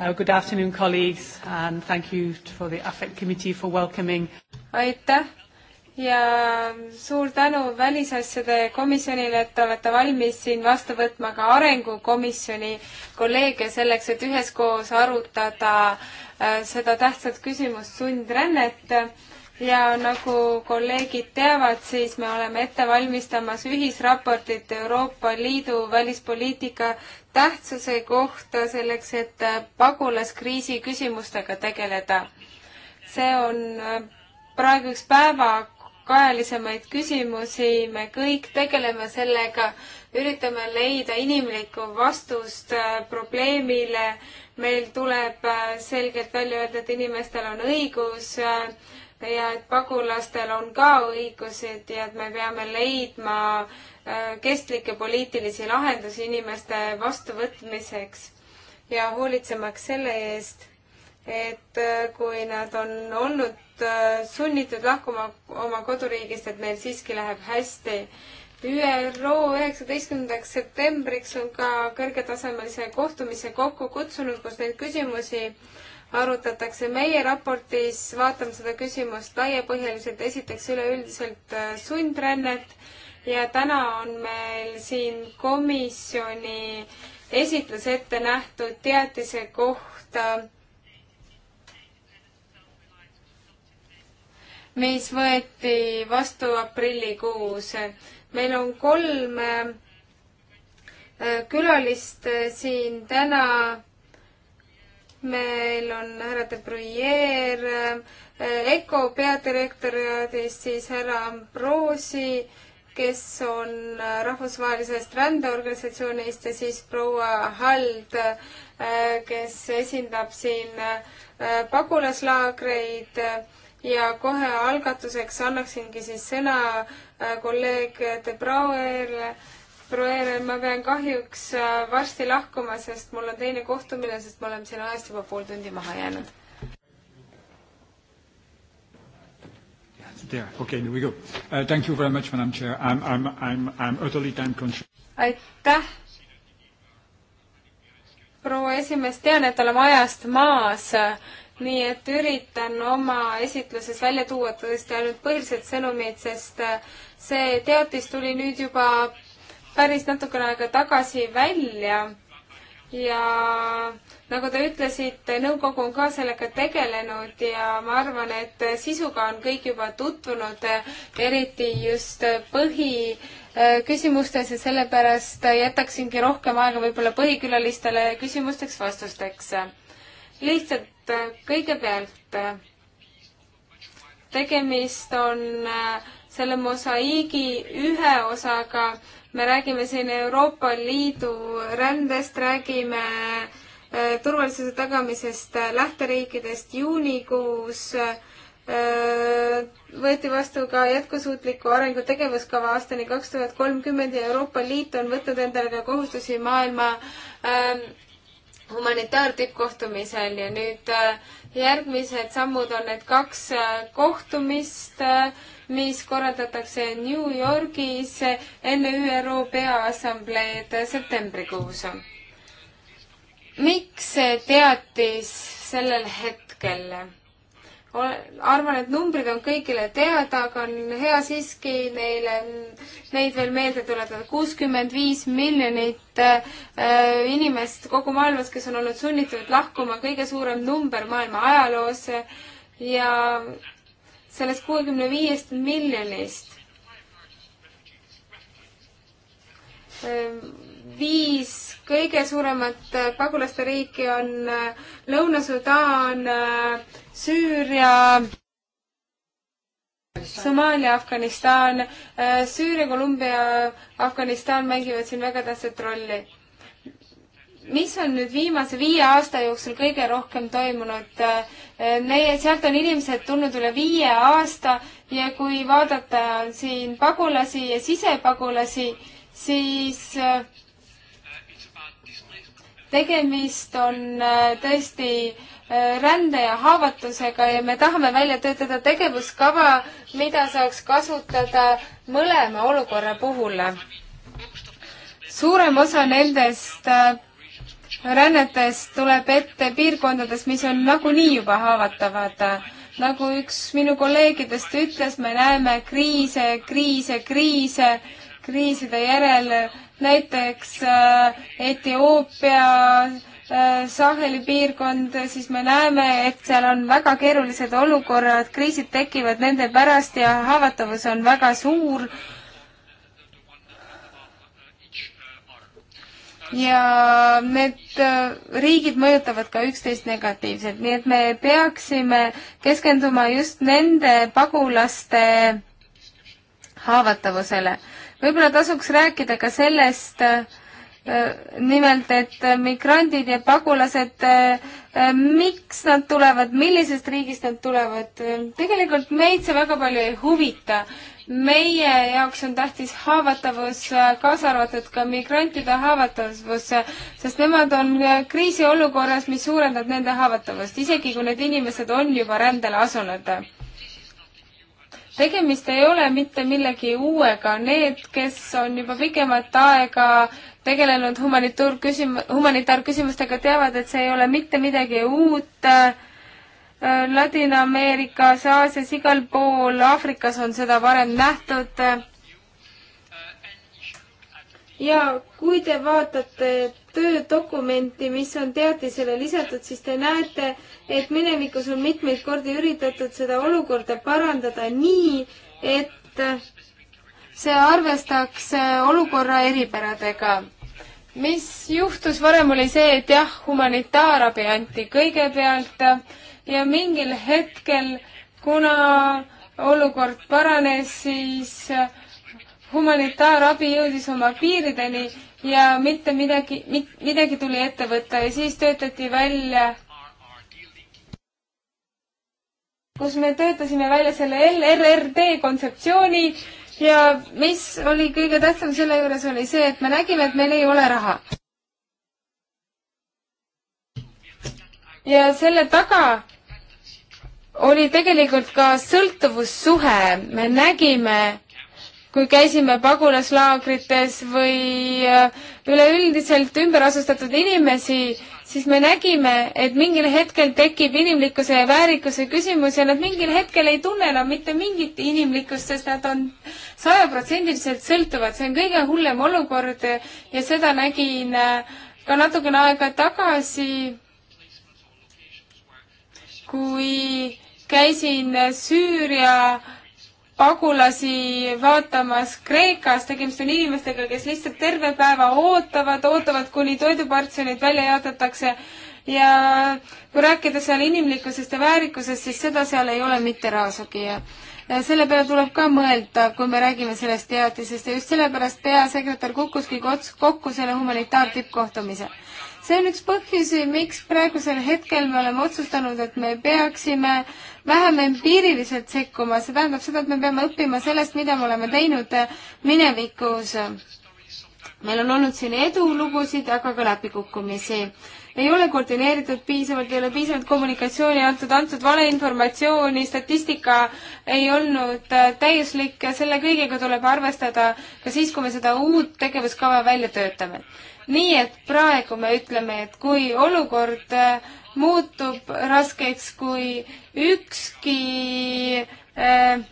Uh, good afternoon, colleagues, and thank you for the AFEC committee for welcoming. aitäh ja suur tänu välisasjade komisjonile, et olete valmis siin vastu võtma ka arengukomisjoni kolleege selleks, et üheskoos arutada äh, seda tähtsat küsimust sundrännet ja nagu kolleegid teavad, siis me oleme ette valmistamas ühisraportit Euroopa Liidu välispoliitika tähtsuse kohta selleks, et pagulaskriisi küsimustega tegeleda. see on äh, praegu üks päevakajalisemaid küsimusi, me kõik tegeleme sellega, üritame leida inimlikku vastust äh, probleemile, meil tuleb äh, selgelt välja öelda, et inimestel on õigus ja et pagulastel on ka õigused ja et me peame leidma äh, kestlikke poliitilisi lahendusi inimeste vastuvõtmiseks ja hoolitsemaks selle eest, et äh, kui nad on olnud äh, sunnitud lahkuma oma koduriigist, et neil siiski läheb hästi. ÜRO üheksateistkümnendaks septembriks on ka kõrgetasemelise kohtumise kokku kutsunud, kus neid küsimusi äh, arutatakse. meie raportis vaatame seda küsimust laiapõhjaliselt, esiteks üleüldiselt äh, sundrännet ja täna on meil siin komisjoni esitlus ette nähtud teatise kohta, mis võeti vastu aprillikuus. meil on kolm äh, külalist äh, siin täna meil on härra De Bruyere äh, EKO peadirektoriaadist, siis härra Ambrosi, kes on äh, rahvusvahelisest rändeorganisatsioonist ja siis proua Hald, äh, kes esindab siin pagulaslaagreid ja kohe algatuseks annaksingi siis sõna kolleeg De Brauerile Proeer, ma pean kahjuks äh, varsti lahkuma, sest mul on teine kohtumine, sest me oleme siin ajast juba pool tundi maha jäänud. There. Okay, there we go. Uh, thank you very much, Madam Chair. I'm, I'm, I'm, I'm utterly time conscious. aitäh, proua esimees, tean, et oleme ajast maas, nii et üritan oma esitluses välja tuua tõesti ainult põhilised sõnumid, sest äh, see teatis tuli nüüd juba päris natukene aega tagasi välja ja nagu te ütlesite, nõukogu on ka sellega tegelenud ja ma arvan, et sisuga on kõik juba tutvunud, eriti just põhiküsimustes ja sellepärast jätaksingi rohkem aega võib-olla põhikülalistele küsimusteks, vastusteks. lihtsalt kõigepealt tegemist on äh, selle mosaiigi ühe osaga. me räägime siin Euroopa Liidu rändest, räägime äh, turvalisuse tagamisest äh, lähteriikidest juunikuus äh, võeti vastu ka jätkusuutliku arengu tegevuskava aastani kaks tuhat kolmkümmend ja Euroopa Liit on võtnud endale ka kohustusi maailma ähm, humanitaartippkohtumisel ja nüüd äh, järgmised sammud on need kaks äh, kohtumist äh, mis korraldatakse New Yorgis enne ÜRO Peaassambleed septembrikuus. miks see teatis sellel hetkel? arvan, et numbrid on kõigile teada, aga on hea siiski neile, neid veel meelde tuletada. kuuskümmend viis miljonit äh, inimest kogu maailmas, kes on olnud sunnitud lahkuma, kõige suurem number maailma ajaloos ja sellest kuuekümne viiest miljonist ehm, viis kõige suuremat äh, pagulaste riiki on äh, Lõuna-Sudaan, äh, Süüria, Somaalia, Afganistan. Süüria, Kolumbia, Afganistan mängivad siin väga tähtsat rolli mis on nüüd viimase viie aasta jooksul kõige rohkem toimunud? Need, sealt on inimesed tulnud üle viie aasta ja kui vaadata siin pagulasi ja sisepagulasi, siis äh, tegemist on äh, tõesti äh, rände ja haavatusega ja me tahame välja töötada tegevuskava, mida saaks kasutada mõlema olukorra puhul. suurem osa nendest rännetest tuleb ette piirkondades, mis on nagunii juba haavatavad. nagu üks minu kolleegidest ütles, me näeme kriise, kriise, kriise, kriiside järel näiteks äh, Etioopia äh, Saheli piirkond, siis me näeme, et seal on väga keerulised olukorrad, kriisid tekivad nende pärast ja haavatavus on väga suur ja need äh, riigid mõjutavad ka üksteist negatiivselt, nii et me peaksime keskenduma just nende pagulaste haavatavusele. võib-olla tasuks rääkida ka sellest, äh, nimelt, et migrandid ja pagulased, äh, miks nad tulevad, millisest riigist nad tulevad, tegelikult meid see väga palju ei huvita meie jaoks on tähtis haavatavus, äh, kaasa arvatud ka migrantide haavatavus, äh, sest nemad on äh, kriisiolukorras, mis suurendab nende haavatavust, isegi kui need inimesed on juba rändele asunud. tegemist ei ole mitte millegi uuega, need, kes on juba pikemat aega tegelenud humanitaarküsim-, humanitaarküsimustega, teavad, et see ei ole mitte midagi uut äh, Ladina-Ameerikas, Aasias, igal pool, Aafrikas on seda varem nähtud. ja kui te vaatate töödokumenti, mis on teatisele lisatud, siis te näete, et minevikus on mitmeid kordi üritatud seda olukorda parandada nii, et see arvestaks olukorra eripäradega mis juhtus varem, oli see, et jah, humanitaarabi anti kõigepealt ja mingil hetkel, kuna olukord paranes, siis humanitaarabi jõudis oma piirideni ja mitte midagi mit,, midagi tuli ette võtta ja siis töötati välja kus me töötasime välja selle LRRD kontseptsiooni ja mis oli kõige tähtsam selle juures, oli see, et me nägime, et meil ei ole raha. ja selle taga oli tegelikult ka sõltuvussuhe, me nägime, kui käisime pagulaslaagrites või äh, üleüldiselt ümberasustatud inimesi, siis me nägime, et mingil hetkel tekib inimlikkuse ja väärikuse küsimus ja nad mingil hetkel ei tunne enam mitte mingit inimlikkust, sest nad on sajaprotsendiliselt sõltuvad, see on kõige hullem olukord ja seda nägin äh, ka natukene aega tagasi, kui käisin Süüria pagulasi vaatamas Kreekas, tegemist on inimestega, kes lihtsalt terve päeva ootavad, ootavad, kuni toidupartsjonid välja jaotatakse ja kui rääkida seal inimlikkusest ja väärikusest, siis seda seal ei ole mitte raasugi ja selle peale tuleb ka mõelda, kui me räägime sellest teatisest ja just sellepärast peasekretär kukkuski kokku selle humanitaartippkohtumise see on üks põhjusi, miks praegusel hetkel me oleme otsustanud, et me peaksime vähem empiiriliselt sekkuma, see tähendab seda, et me peame õppima sellest, mida me oleme teinud minevikus. meil on olnud siin edulugusid, aga ka läbikukkumisi ei ole koordineeritud piisavalt, ei ole piisavalt kommunikatsiooni antud, antud valeinformatsiooni, statistika ei olnud äh, täiuslik ja selle kõigega tuleb arvestada ka siis, kui me seda uut tegevuskava välja töötame nii et praegu me ütleme, et kui olukord äh, muutub raskeks, kui ükski äh,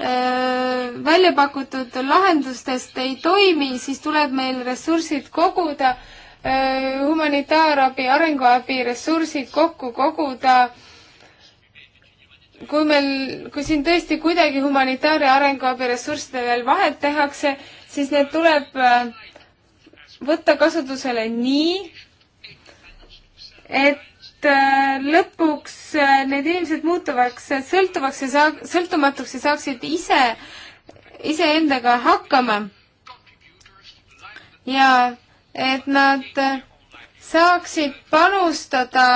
äh, välja pakutud lahendustest ei toimi, siis tuleb meil ressursid koguda, äh, humanitaarabi, arenguabi ressursid kokku koguda. kui meil, kui siin tõesti kuidagi humanitaar- ja arenguabi ressursside veel vahet tehakse, siis need tuleb võtta kasutusele nii, et äh, lõpuks äh, need inimesed muutuvaks sõltuvaks ja saa-, sõltumatuks ja saaksid ise, iseendaga hakkama. ja et nad äh, saaksid panustada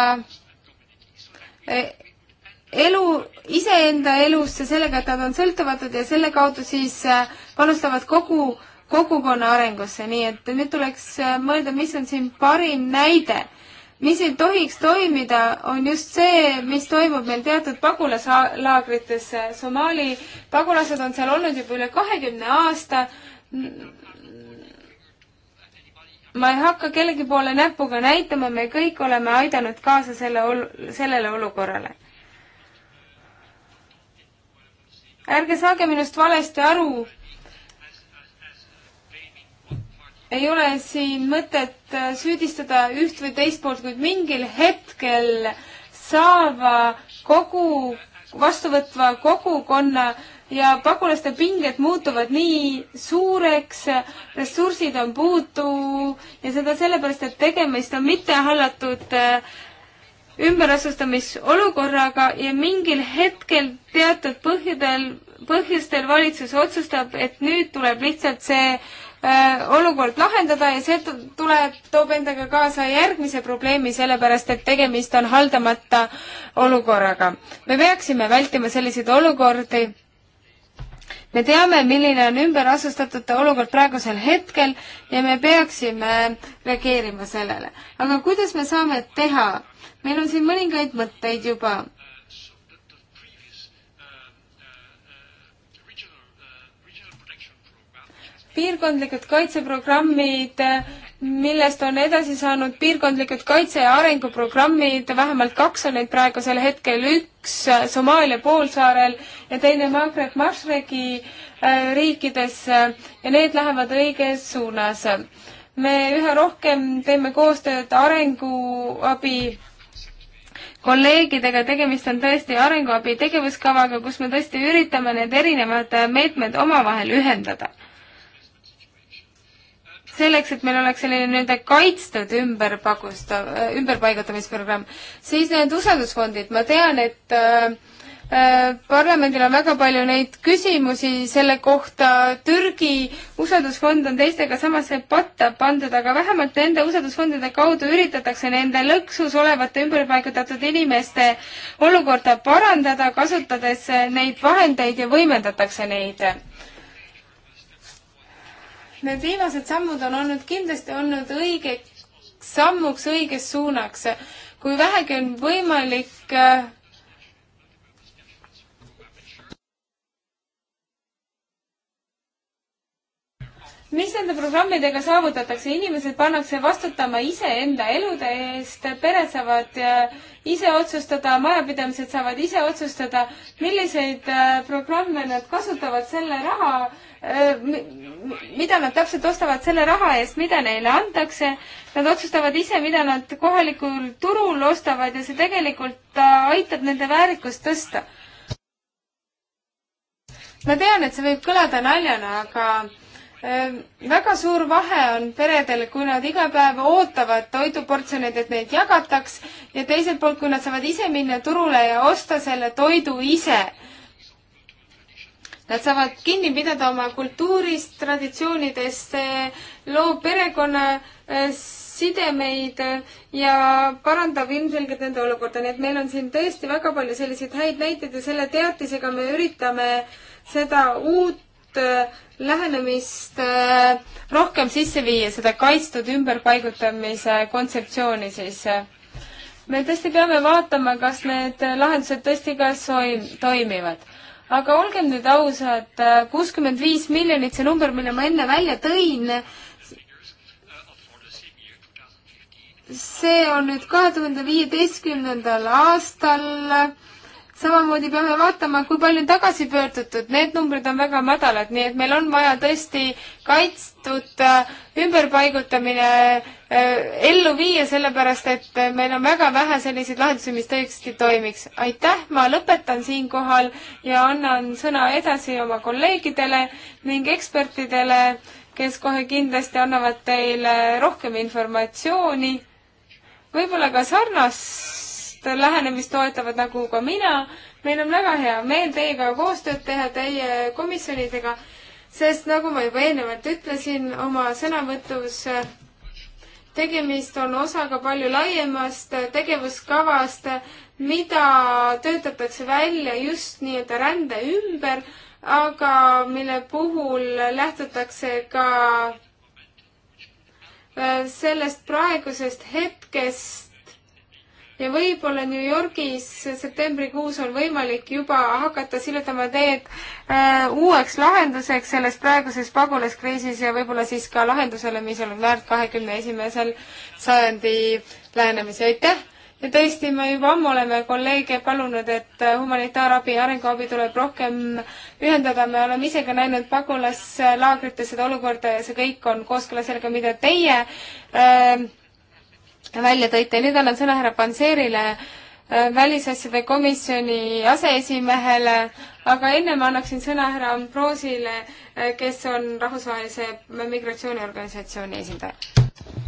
elu, iseenda elusse sellega, et nad on sõltumatud ja selle kaudu siis panustavad kogu kogukonna arengusse, nii et nüüd tuleks äh, mõelda, mis on siin parim näide. mis ei tohiks toimida, on just see, mis toimub meil teatud pagulaslaagrites. Somaali pagulased on seal olnud juba üle kahekümne aasta. ma ei hakka kellegi poole näpuga näitama, me kõik oleme aidanud kaasa selle ol-, sellele olukorrale ärge saage minust valesti aru, ei ole siin mõtet äh, süüdistada üht või teist poolt, kuid mingil hetkel saava kogu, vastuvõtva kogukonna ja pagulaste pinged muutuvad nii suureks, ressursid on puudu ja seda sellepärast, et tegemist on mittehallatud äh, ümberasustamisolukorraga ja mingil hetkel teatud põhjudel, põhjustel valitsus otsustab, et nüüd tuleb lihtsalt see äh, Äh, olukord lahendada ja see tuleb, toob endaga kaasa järgmise probleemi, sellepärast et tegemist on haldamata olukorraga. me peaksime vältima selliseid olukordi. me teame, milline on ümberasustatute olukord praegusel hetkel ja me peaksime reageerima sellele. aga kuidas me saame teha? meil on siin mõningaid mõtteid juba piirkondlikud kaitseprogrammid, millest on edasi saanud piirkondlikud kaitse- ja arenguprogrammid, vähemalt kaks on neid praegusel hetkel, üks Somaalia poolsaarel ja teine Maghreb Mashregi äh, riikides ja need lähevad õiges suunas. me üha rohkem teeme koostööd arenguabi kolleegidega, tegemist on tõesti arenguabi tegevuskavaga, kus me tõesti üritame need erinevad meetmed omavahel ühendada selleks, et meil oleks selline nii-öelda kaitstud ümberpagustav, äh, ümberpaigutamisprogramm. siis need usaldusfondid, ma tean, et äh, äh, parlamendil on väga palju neid küsimusi selle kohta, Türgi usaldusfond on teistega samasse patta pandud, aga vähemalt nende usaldusfondide kaudu üritatakse nende lõksus olevate ümberpaigutatud inimeste olukorda parandada, kasutades neid vahendeid ja võimendatakse neid Need viimased sammud on olnud kindlasti olnud õigeks sammuks õiges suunaks. kui vähegi on võimalik äh, mis nende programmidega saavutatakse, inimesed pannakse vastutama iseenda elude eest, pered saavad äh, ise otsustada, majapidamised saavad ise otsustada, milliseid äh, programme nad kasutavad selle raha Äh, mida nad täpselt ostavad selle raha eest, mida neile antakse. Nad otsustavad ise, mida nad kohalikul turul ostavad ja see tegelikult aitab nende väärikust tõsta. ma tean, et see võib kõlada naljana, aga äh, väga suur vahe on peredel, kui nad iga päev ootavad toiduportsjoneid, et neid jagataks ja teiselt poolt, kui nad saavad ise minna turule ja osta selle toidu ise Nad saavad kinni pidada oma kultuurist, traditsioonidest, see loob perekonna äh, sidemeid äh, ja parandab ilmselgelt nende olukorda, nii et meil on siin tõesti väga palju selliseid häid näiteid ja selle teatisega me üritame seda uut äh, lähenemist rohkem sisse viia, seda kaitstud ümberpaigutamise kontseptsiooni siis. me tõesti peame vaatama, kas need lahendused tõesti ka soim-, toimivad aga olgem nüüd ausad, äh, kuuskümmend viis miljonit, see number, mille ma enne välja tõin, see on nüüd kahe tuhande viieteistkümnendal aastal samamoodi peame vaatama, kui palju on tagasi pöördutud, need numbrid on väga madalad, nii et meil on vaja tõesti kaitstud äh, ümberpaigutamine äh, ellu viia, sellepärast et äh, meil on väga vähe selliseid lahendusi, mis tõesti toimiks. aitäh, ma lõpetan siinkohal ja annan sõna edasi oma kolleegidele ning ekspertidele, kes kohe kindlasti annavad teile rohkem informatsiooni, võib-olla ka sarnast lähenemist toetavad nagu ka mina. meil on väga hea meel teiega koostööd teha, teie komisjonidega, sest nagu ma juba eelnevalt ütlesin oma sõnavõtus, tegemist on osaga palju laiemast tegevuskavast, mida töötatakse välja just nii-öelda rände ümber, aga mille puhul lähtutakse ka äh, sellest praegusest hetkest, ja võib-olla New Yorgis septembrikuus on võimalik juba hakata sillutama teed äh, uueks lahenduseks selles praeguses pagulaskriisis ja võib-olla siis ka lahendusele, mis on väärt kahekümne esimesel sajandi lähenemisi, aitäh! ja tõesti, me juba ammu oleme kolleege palunud, et äh, humanitaarabi ja arenguabi tuleb rohkem ühendada, me oleme ise ka näinud pagulaslaagrites seda olukorda ja see kõik on kooskõlas sellega, mida teie äh, välja tõite. nüüd annan sõna härra Panserile, äh, välisasjade komisjoni aseesimehele, aga enne ma annaksin sõna härra Ambrosile, äh, kes on rahvusvahelise migratsiooniorganisatsiooni esindaja.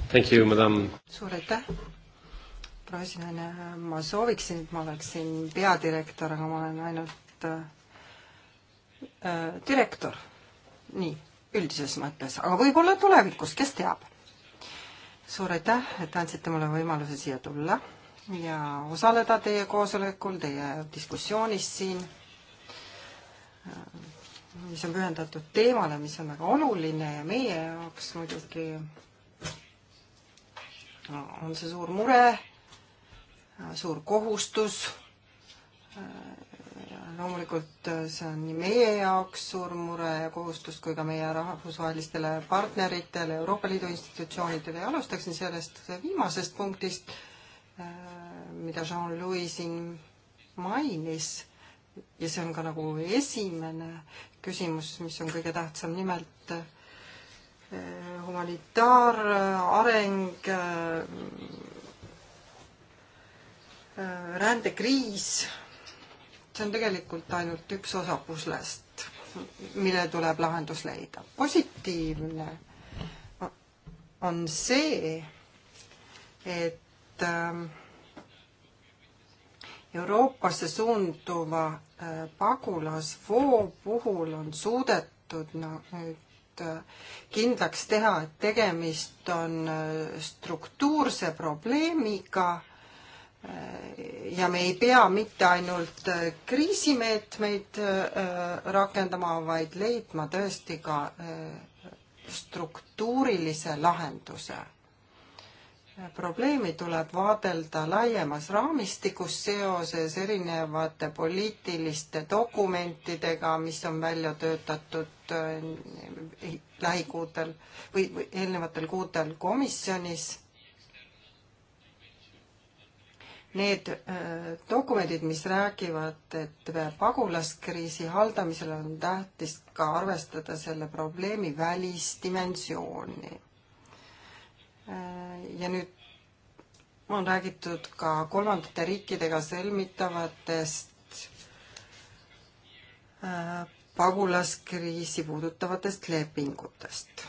Thank you, madam. suur aitäh, proua esinaine. ma sooviksin, et ma oleksin peadirektor, aga ma olen ainult äh, äh direktor. nii, üldises mõttes, aga võib-olla tulevikus, kes teab suur aitäh, et andsite mulle võimaluse siia tulla ja osaleda teie koosolekul, teie diskussioonis siin, mis on pühendatud teemale, mis on väga oluline ja meie jaoks muidugi no, on see suur mure, suur kohustus loomulikult äh, see on nii meie jaoks suur mure ja kohustus kui ka meie rahvusvahelistele partneritele, Euroopa Liidu institutsioonidele ja alustaksin sellest viimasest punktist, äh, mida Jean-Louis siin mainis ja see on ka nagu esimene küsimus, mis on kõige tähtsam, nimelt äh, humanitaarareng, rändekriis see on tegelikult ainult üks osa puslest, millele tuleb lahendus leida. positiivne on see, et ähm, Euroopasse suunduva äh, pagulasvoo puhul on suudetud nüüd äh, kindlaks teha, et tegemist on äh, struktuurse probleemiga ja me ei pea mitte ainult äh, kriisimeetmeid äh, äh, rakendama, vaid leidma tõesti ka struktuurilise lahenduse. probleemi tuleb vaadelda laiemas raamistikus seoses erinevate poliitiliste dokumentidega, mis on välja töötatud lähikuudel või, või eelnevatel kuudel komisjonis need äh, dokumendid, mis räägivad, et pagulaskriisi haldamisel on tähtis ka arvestada selle probleemi välisdimensiooni. Äh, ja nüüd on räägitud ka kolmandate riikidega sõlmitavatest äh, pagulaskriisi puudutavatest lepingutest.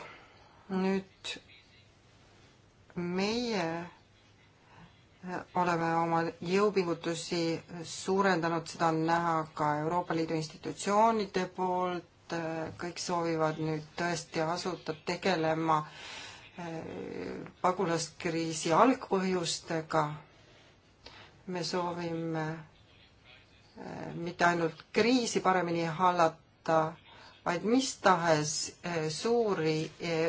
nüüd meie oleme oma jõupingutusi suurendanud, seda on näha ka Euroopa Liidu institutsioonide poolt, kõik soovivad nüüd tõesti asuda tegelema eh, pagulaskriisi algpõhjustega. me soovime eh, mitte ainult kriisi paremini hallata, vaid mis tahes eh, suuri,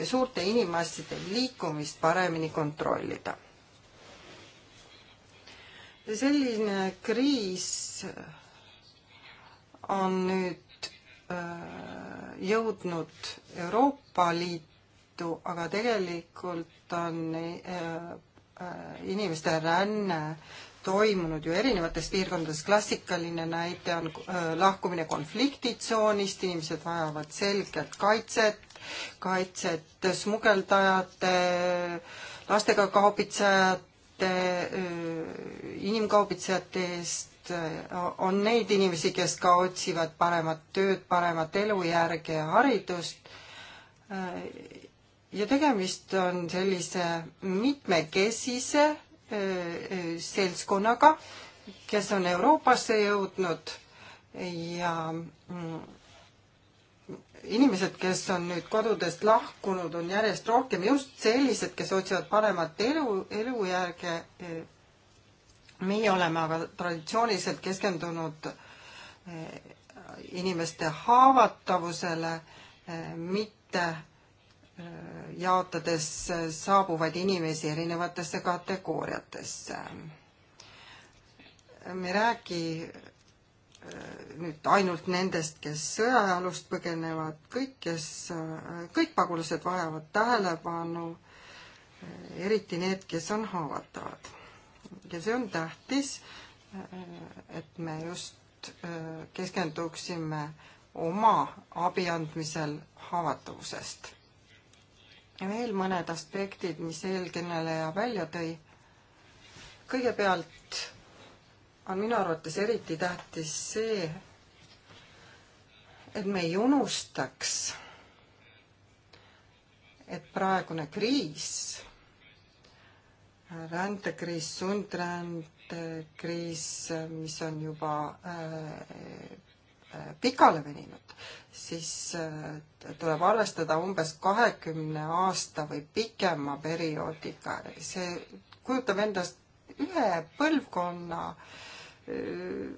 suurte inimmasside liikumist paremini kontrollida selline kriis on nüüd äh, jõudnud Euroopa Liitu, aga tegelikult on äh, äh, inimeste ränne toimunud ju erinevates piirkondades, klassikaline näide on lahkumine konfliktitsoonist, inimesed vajavad selgelt kaitset, kaitset smugeldajate, lastega kaubitsejad, inimkaubitsejate eest, on neid inimesi, kes ka otsivad paremat tööd, paremat elujärge ja haridust. ja tegemist on sellise mitmekesise seltskonnaga, kes on Euroopasse jõudnud ja mm, inimesed, kes on nüüd kodudest lahkunud, on järjest rohkem just sellised, kes otsivad paremat elu, elujärge. meie oleme aga traditsiooniliselt keskendunud eh, inimeste haavatavusele, eh, mitte eh, jaotades saabuvaid inimesi erinevatesse kategooriatesse. me ei räägi Äh, nüüd ainult nendest, kes sõjajalust põgenevad, kõik, kes, äh, kõik pagulased vajavad tähelepanu, äh, eriti need, kes on haavatavad. ja see on tähtis, et me just keskenduksime oma abi andmisel haavatavusest. ja veel mõned aspektid, mis eelkõneleja välja tõi. kõigepealt on minu arvates eriti tähtis see, et me ei unustaks, et praegune kriis, rändekriis, sundrändekriis, mis on juba äh, pikale veninud, siis äh, tuleb arvestada umbes kahekümne aasta või pikema perioodiga. see kujutab endast ühe põlvkonna äh, Äh,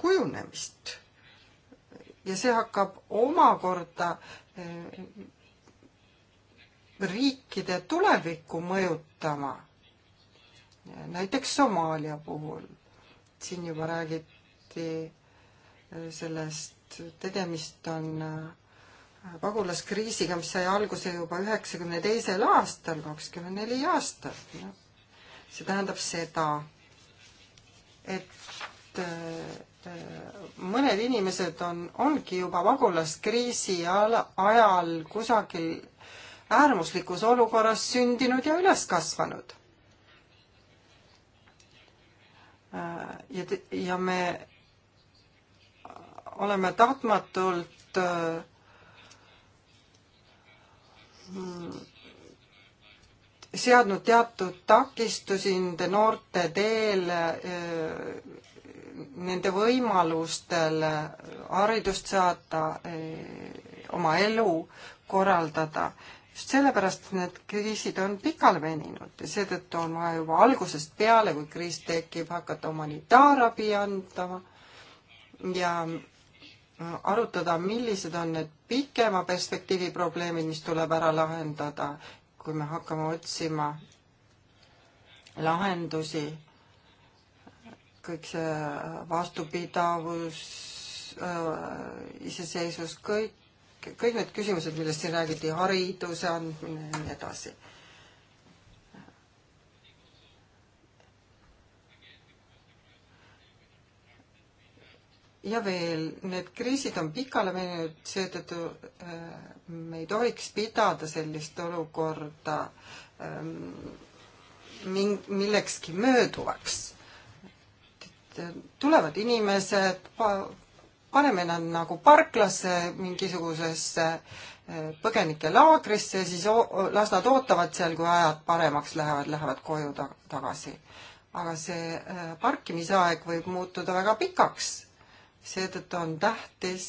kujunemist. ja see hakkab omakorda äh, riikide tulevikku mõjutama. näiteks Somaalia puhul, siin juba räägiti äh, sellest, tegemist on pagulaskriisiga, mis sai alguse juba üheksakümne teisel aastal, kakskümmend neli aastat. see tähendab seda, et äh, mõned inimesed on, ongi juba pagulaskriisi ajal kusagil äärmuslikus olukorras sündinud ja üles kasvanud. Äh, ja, ja me oleme tahtmatult äh, mm, seadnud teatud takistusi nende noorte teel, eh, nende võimalustel haridust saada, eh, oma elu korraldada. just sellepärast need kriisid on pikale veninud ja seetõttu on vaja juba algusest peale, kui kriis tekib, hakata humanitaarabi andma ja äh, arutada, millised on need pikema perspektiivi probleemid, mis tuleb ära lahendada kui me hakkame otsima lahendusi, kõik see vastupidavus, äh, iseseisvus, kõik, kõik need küsimused, millest siin räägiti, hariduse andmine ja nii edasi ja veel, need kriisid on pikale veninud, seetõttu äh, me ei tohiks pidada sellist olukorda ähm, ming-, millekski mööduvaks. tulevad inimesed, paneme nad nagu parklasse mingisugusesse äh, põgenikelaagrisse, siis las nad ootavad seal, kui ajad paremaks lähevad, lähevad koju ta-, tagasi. aga see äh, parkimisaeg võib muutuda väga pikaks seetõttu on tähtis,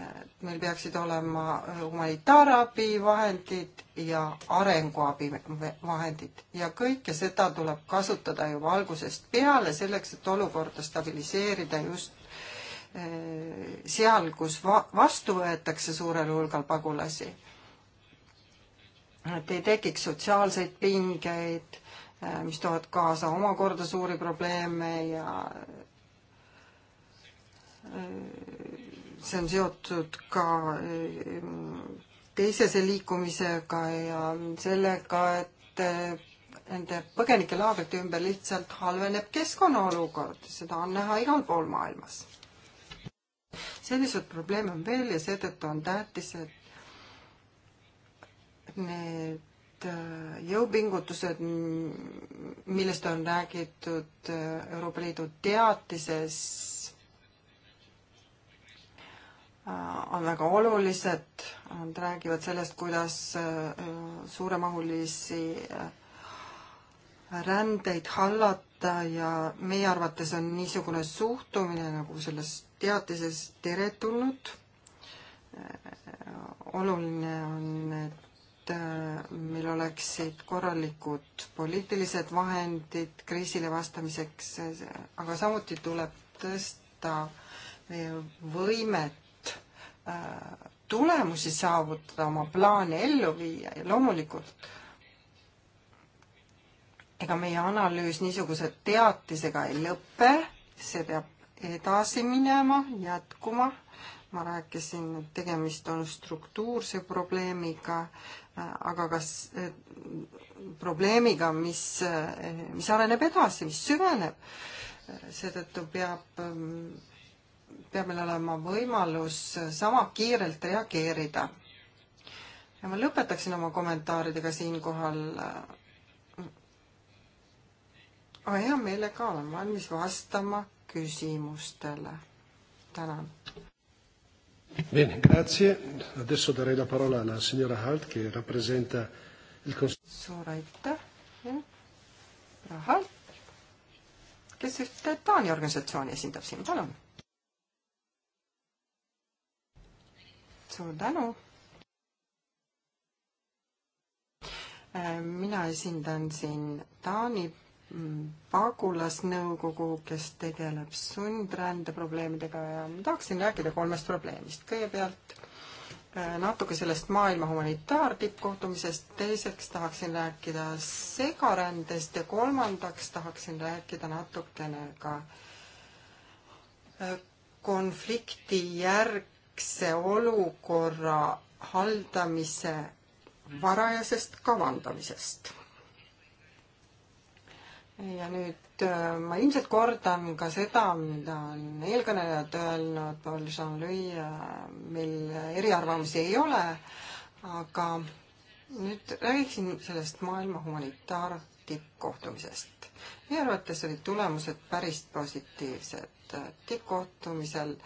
et meil peaksid olema humanitaarabivahendid ja arenguabivahendid ja kõike seda tuleb kasutada juba algusest peale selleks, et olukorda stabiliseerida just eh, seal, kus va-, vastu võetakse suurel hulgal pagulasi. et ei tekiks sotsiaalseid pingeid, eh, mis toovad kaasa omakorda suuri probleeme ja see on seotud ka ähm, teisese liikumisega ja sellega, et äh, nende põgenikelaagrite ümber lihtsalt halveneb keskkonna olukord, seda on näha igal pool maailmas. selliseid probleeme on veel ja seetõttu on tähtis, et need äh, jõupingutused, millest on räägitud äh, Euroopa Liidu teatises Äh, on väga olulised, nad äh, räägivad sellest, kuidas äh, suuremahulisi rändeid hallata ja meie arvates on niisugune suhtumine nagu selles teatises teretulnud. oluline on, et meil oleksid korralikud poliitilised vahendid kriisile vastamiseks, aga samuti tuleb tõsta meie võimet tulemusi saavutada, oma plaane ellu viia ja loomulikult ega meie analüüs niisuguse teatisega ei lõpe, see peab edasi minema, jätkuma. ma rääkisin, et tegemist on struktuurse probleemiga, aga kas probleemiga, mis, mis areneb edasi, mis süveneb. seetõttu peab äh, peab meil olema võimalus sama kiirelt reageerida. ja ma lõpetaksin oma kommentaaridega siinkohal. aga hea meelega olen valmis vastama küsimustele. tänan. Bene, grazie. Adesso darei la parola alla signora Halt che rappresenta il Consiglio. Suur aitäh. Rahalt, kes ühte Taani organisatsiooni esindab siin, palun suur tänu. Äh, mina esindan siin Taani mm, pagulasnõukogu, kes tegeleb sundrände probleemidega ja ma tahaksin rääkida kolmest probleemist. kõigepealt äh, natuke sellest maailma humanitaartippkohtumisest, teiseks tahaksin rääkida segarändest ja kolmandaks tahaksin rääkida natukene ka äh, konflikti järg, märkse olukorra haldamise varajasest kavandamisest. ja nüüd äh, ma ilmselt kordan ka seda, mida on eelkõnelejad öelnud, Paul Jean-Louis, äh, meil eriarvamusi ei ole, aga nüüd räägiksin sellest maailma humanitaar- tippkohtumisest. meie arvates olid tulemused päris positiivsed. Äh, tippkohtumisel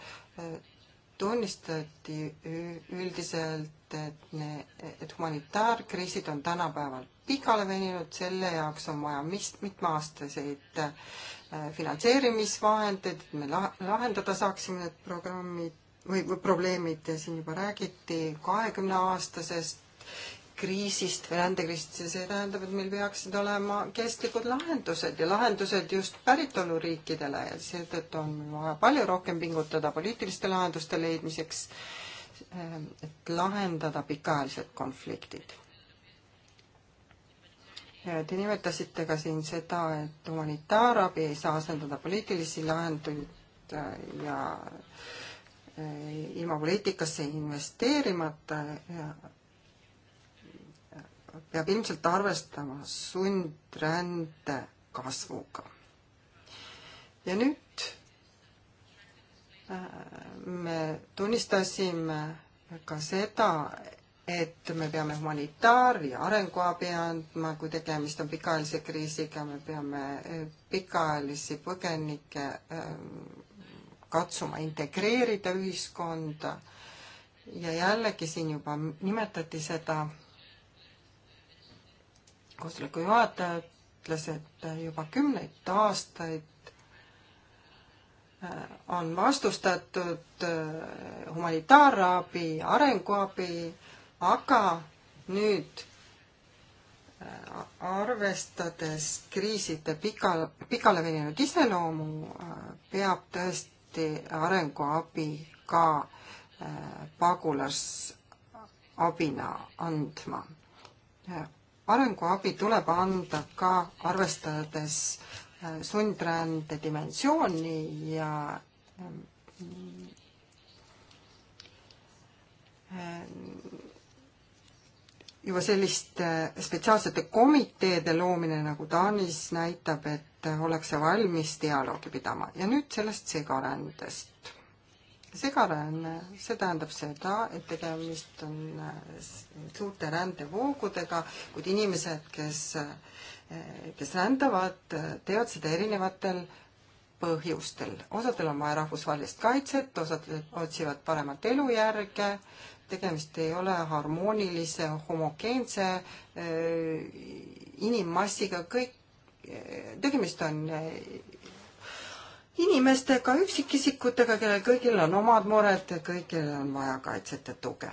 tunnistati üldiselt, et ne-, et humanitaarkriisid on tänapäeval pikale veninud, selle jaoks on vaja mis-, mitmeaastaseid äh, finantseerimisvahendeid, et me la-, lahendada saaksime need programmid või, või probleemid ja siin juba räägiti kahekümneaastasest kriisist või rändekriisist, see tähendab, et meil peaksid olema kestlikud lahendused ja lahendused just päritoluriikidele ja seetõttu on vaja palju rohkem pingutada poliitiliste lahenduste leidmiseks, ehm, et lahendada pikaajalised konfliktid. Te nimetasite ka siin seda, et humanitaarabi ei saa asendada poliitilisi lahenduid äh, ja äh, ilma poliitikasse investeerimata ja peab ilmselt arvestama sundrände kasvuga. ja nüüd äh, me tunnistasime ka seda, et me peame humanitaar- ja arenguabi andma, kui tegemist on pikaajalise kriisiga, me peame äh, pikaajalisi põgenikke äh, katsuma integreerida ühiskonda ja jällegi siin juba nimetati seda koosoleku juhataja ütles, et juba kümneid aastaid äh, on vastustatud äh, humanitaarabi, arenguabi, aga nüüd äh, arvestades kriiside pika, pikale veninud iseloomu, peab tõesti arenguabi ka pagulasabina andma arenguabi tuleb anda ka arvestades äh, sundrände dimensiooni ja ähm, äh, juba selliste spetsiaalsete komiteede loomine nagu Taanis näitab, et ollakse valmis dialoogi pidama ja nüüd sellest segarändest segaränne, see tähendab seda, et tegemist on äh, suurte rändevoogudega, kuid inimesed, kes, äh, kes rändavad, äh, teevad seda erinevatel põhjustel. osadel on vaja rahvusvahelist kaitset, osad otsivad paremat elujärge, tegemist ei ole harmoonilise, homogeense inimmassiga, kõik, tegemist on inimestega, üksikisikutega, kellel kõigil on omad mured ja kõigil on vaja kaitset ja tuge.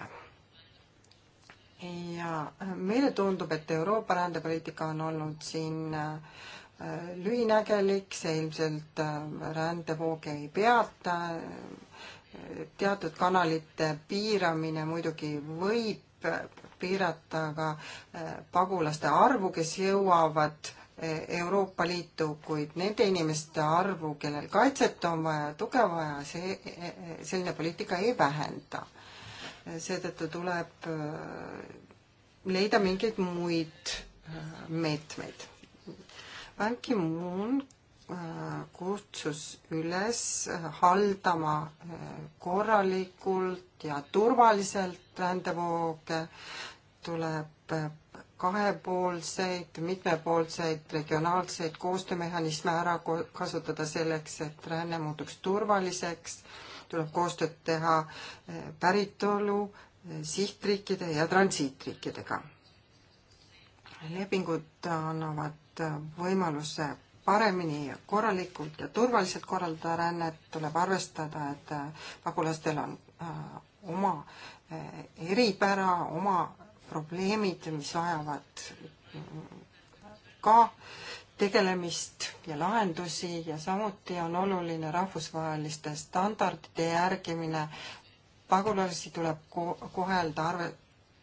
ja meile tundub, et Euroopa rändepoliitika on olnud siin äh, lühinägelik, see ilmselt äh, rändevooge ei peata, teatud kanalite piiramine muidugi võib piirata ka äh, pagulaste arvu, kes jõuavad Euroopa Liitu, kuid nende inimeste arvu, kellel kaitset on vaja, tuge vaja, see, selline poliitika ei vähenda. seetõttu tuleb äh, leida mingeid muid äh, meetmeid. Ban Ki-moon äh, kutsus üles haldama korralikult ja turvaliselt rändevooge, tuleb kahepoolseid, mitmepoolseid regionaalseid koostöömehhanisme ära kasutada selleks, et ränne muutuks turvaliseks, tuleb koostööd teha eh, päritolu, eh, sihtriikide ja transiitriikidega. lepingud annavad eh, võimaluse paremini ja korralikult ja turvaliselt korraldada rännet, tuleb arvestada, et pagulastel on oma eripära, oma probleemid, mis vajavad ka tegelemist ja lahendusi ja samuti on oluline rahvusvaheliste standardite järgimine. pagulasi tuleb ko kohelda arve,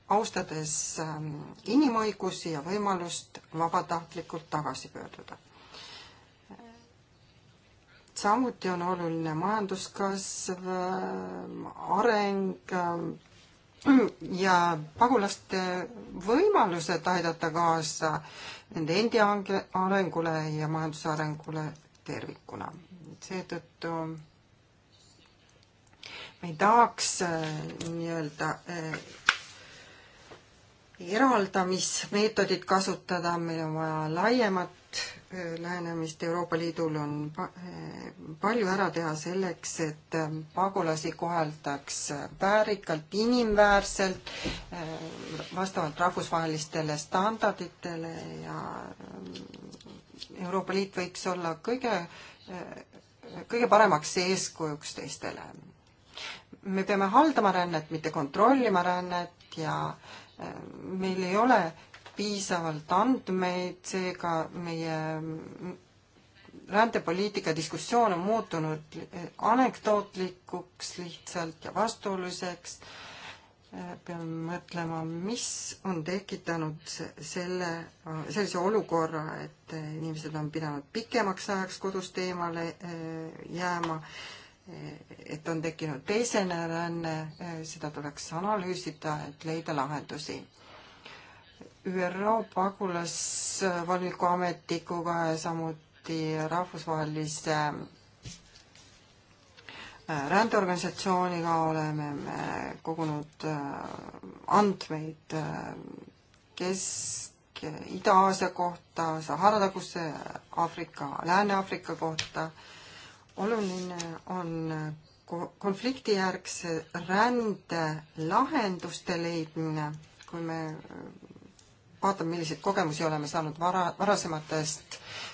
austades ähm, inimõigusi ja võimalust vabatahtlikult tagasi pöörduda. samuti on oluline majanduskasv, äh, areng, ähm, ja pagulaste võimalused aidata kaasa nende endi arengule ja majanduse arengule tervikuna. seetõttu me ei tahaks äh, nii-öelda äh, eraldamismeetodit kasutada, meil on vaja laiemat lähenemist. Euroopa Liidul on eh, palju ära teha selleks, et eh, pagulasi koheldaks eh, väärikalt, inimväärselt, vastavalt rahvusvahelistele standarditele ja Euroopa Liit võiks olla kõige, kõige paremaks eeskujuks teistele. me peame haldama rännet, mitte kontrollima rännet ja meil ei ole äh, piisavalt andmeid, seega meie rändepoliitika diskussioon on muutunud anekdootlikuks lihtsalt ja vastuoluliseks. peame mõtlema, mis on tekitanud selle, sellise olukorra, et inimesed on pidanud pikemaks ajaks kodust eemale eh, jääma eh, et on tekkinud teisene ränne, eh, seda tuleks analüüsida, et leida lahendusi. ÜRO pagulasvoliniku ametikuga ja samuti rahvusvahelise äh, rändeorganisatsiooniga oleme me kogunud äh, andmeid äh, Kesk- ja Ida-Aasia kohta, Sahara taguse Aafrika, Lääne-Aafrika kohta. oluline on konfliktijärgse rände lahenduste leidmine, kui me vaatame, milliseid kogemusi oleme saanud vara, varasematest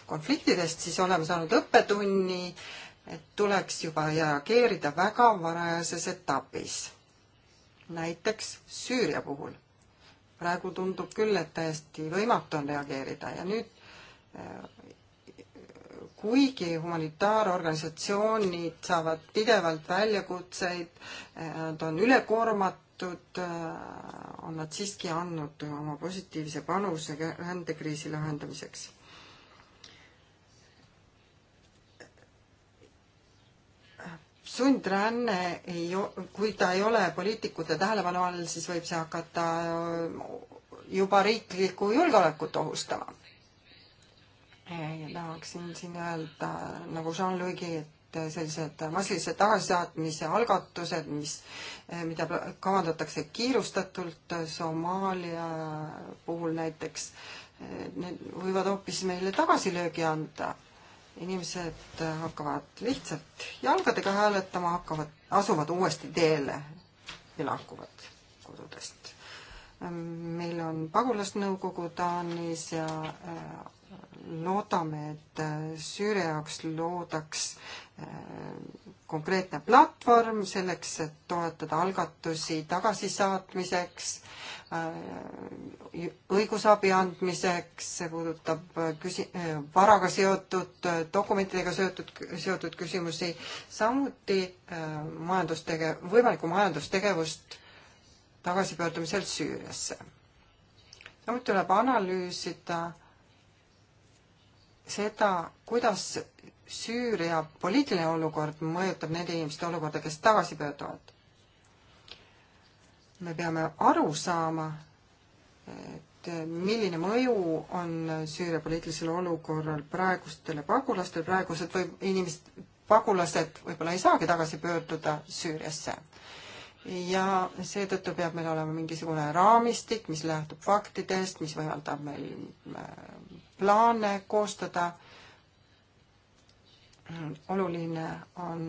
konfliktidest, siis oleme saanud õppetunni, et tuleks juba reageerida väga varajases etapis. näiteks Süüria puhul. praegu tundub küll, et täiesti võimatu on reageerida ja nüüd äh, kuigi humanitaarorganisatsioonid saavad pidevalt väljakutseid, äh, nad on ülekoormatud, tehtud, äh, on nad siiski andnud oma positiivse panuse rändekriisi lahendamiseks. sundränne ei, kui ta ei ole poliitikute tähelepanu all, siis võib see hakata äh, juba riiklikku julgeolekut ohustama. tahaksin siin öelda nagu Jean-Louis, et sellised massilised tagasisaatmise algatused, mis, mida kavandatakse kiirustatult Somaalia puhul näiteks, need võivad hoopis meile tagasilöögi anda. inimesed hakkavad lihtsalt jalgadega hääletama, hakkavad, asuvad uuesti teele ja lahkuvad kodudest. meil on pagulasnõukogu Taanis ja äh, loodame, et äh, Süüria jaoks loodaks äh, konkreetne platvorm selleks, et toetada algatusi tagasisaatmiseks, äh, õigusabi andmiseks, see puudutab küsi-, varaga seotud, dokumentidega seotud, seotud küsimusi, samuti majandustege-, võimalikku majandustegevust tagasipöördumisel Süüriasse. samuti tuleb analüüsida seda, kuidas Süüria poliitiline olukord mõjutab nende inimeste olukorda, kes tagasi pöörduvad. me peame aru saama, et milline mõju on Süüria poliitilisel olukorral praegustele pagulastele, praegused või inimesed, pagulased võib-olla ei saagi tagasi pöörduda Süüriasse. ja seetõttu peab meil olema mingisugune raamistik, mis lähtub faktidest, mis võimaldab meil äh, plaane koostada. oluline on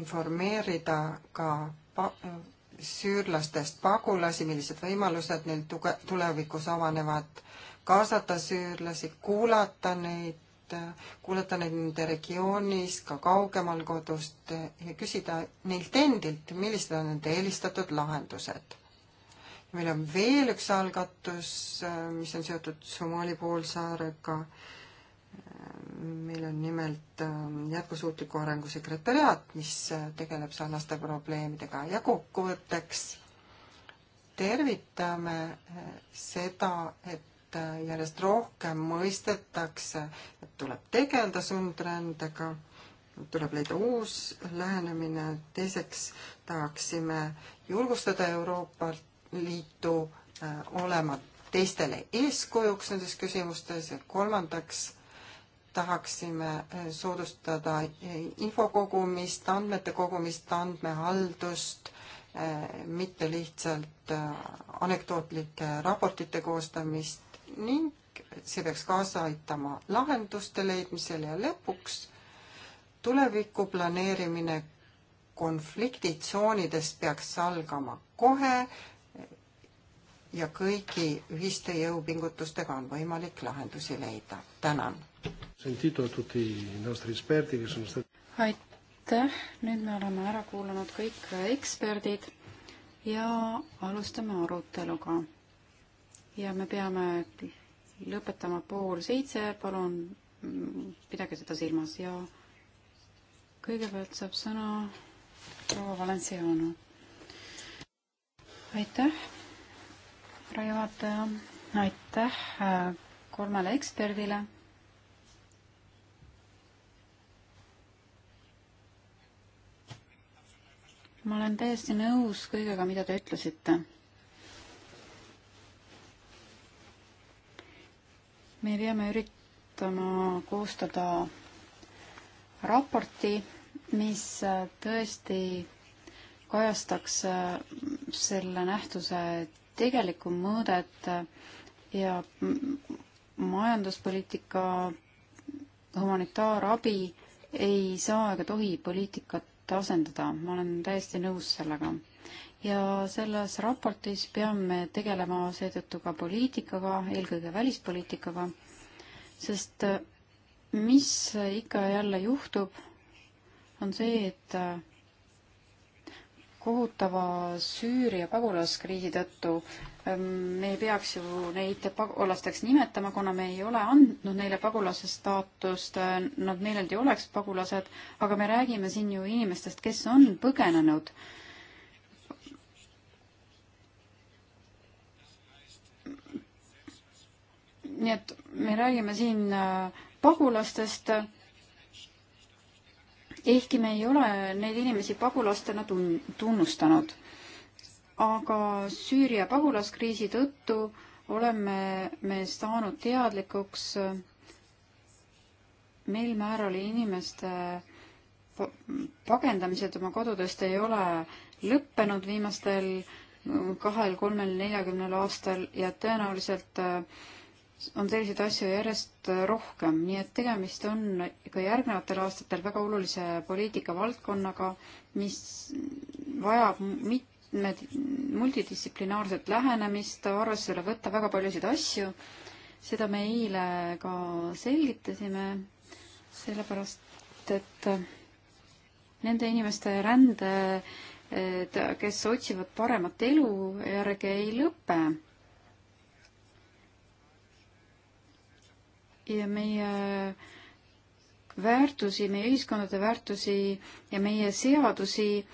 informeerida ka pa-, süürlastest pagulasi, millised võimalused neil tuge-, tulevikus avanevad, kaasata süürlasi, kuulata neid, kuulata neid nende regioonis, ka kaugemal kodust ja küsida neilt endilt, millised on nende eelistatud lahendused meil on veel üks algatus, äh, mis on seotud Somaali poolsaarega. meil on nimelt äh, jätkusuutliku arengu sekretäriaat, mis äh, tegeleb sarnaste probleemidega ja kokkuvõtteks tervitame seda, et järjest rohkem mõistetakse, et tuleb tegeleda sundrändega, tuleb leida uus lähenemine, teiseks tahaksime julgustada Euroopat Liitu äh, olema teistele eeskujuks nendes küsimustes ja kolmandaks tahaksime äh, soodustada äh, info kogumist, andmete kogumist, andmehaldust, mitte lihtsalt anekdootlike raportite koostamist ning see peaks kaasa aitama lahenduste leidmisele ja lõpuks tuleviku planeerimine konfliktitsoonidest peaks algama kohe, ja kõigi ühiste jõupingutustega on võimalik lahendusi leida. tänan. aitäh, nüüd me oleme ära kuulanud kõik eksperdid ja alustame aruteluga. ja me peame lõpetama pool seitse, palun mm, pidage seda silmas ja kõigepealt saab sõna proua Valenciano. aitäh härra juhataja, aitäh äh, kolmele eksperdile. ma olen täiesti nõus kõigega, mida te ütlesite. me peame üritama koostada raporti, mis äh, tõesti kajastaks äh, selle nähtuse tegelikku mõõdet ja majanduspoliitika, humanitaarabi ei saa ega tohi poliitikat asendada, ma olen täiesti nõus sellega. ja selles raportis peame tegelema seetõttu ka poliitikaga, eelkõige välispoliitikaga, sest äh, mis ikka ja jälle juhtub, on see, et äh, kohutava Süüria pagulaskriisi tõttu ehm, me ei peaks ju neid pagulasteks nimetama, kuna me ei ole andnud neile pagulase staatust, eh, nad meeleldi oleks pagulased, aga me räägime siin ju inimestest, kes on põgenenud. nii et me räägime siin eh, pagulastest ehkki me ei ole neid inimesi pagulastena tun-, tunnustanud. aga Süüria pagulaskriisi tõttu oleme me saanud teadlikuks, mil määral inimeste pagendamised oma kodudest ei ole lõppenud viimastel kahel, kolmel, neljakümnel aastal ja tõenäoliselt äh, on selliseid asju järjest rohkem, nii et tegemist on ka järgnevatel aastatel väga olulise poliitikavaldkonnaga, mis vajab mitmed multidistsiplinaarset lähenemist, arvesse tuleb võtta väga paljusid asju. seda me eile ka selgitasime, sellepärast et nende inimeste rände, kes otsivad paremat elu järge, ei lõpe ja meie väärtusi, meie ühiskondade väärtusi ja meie seadusi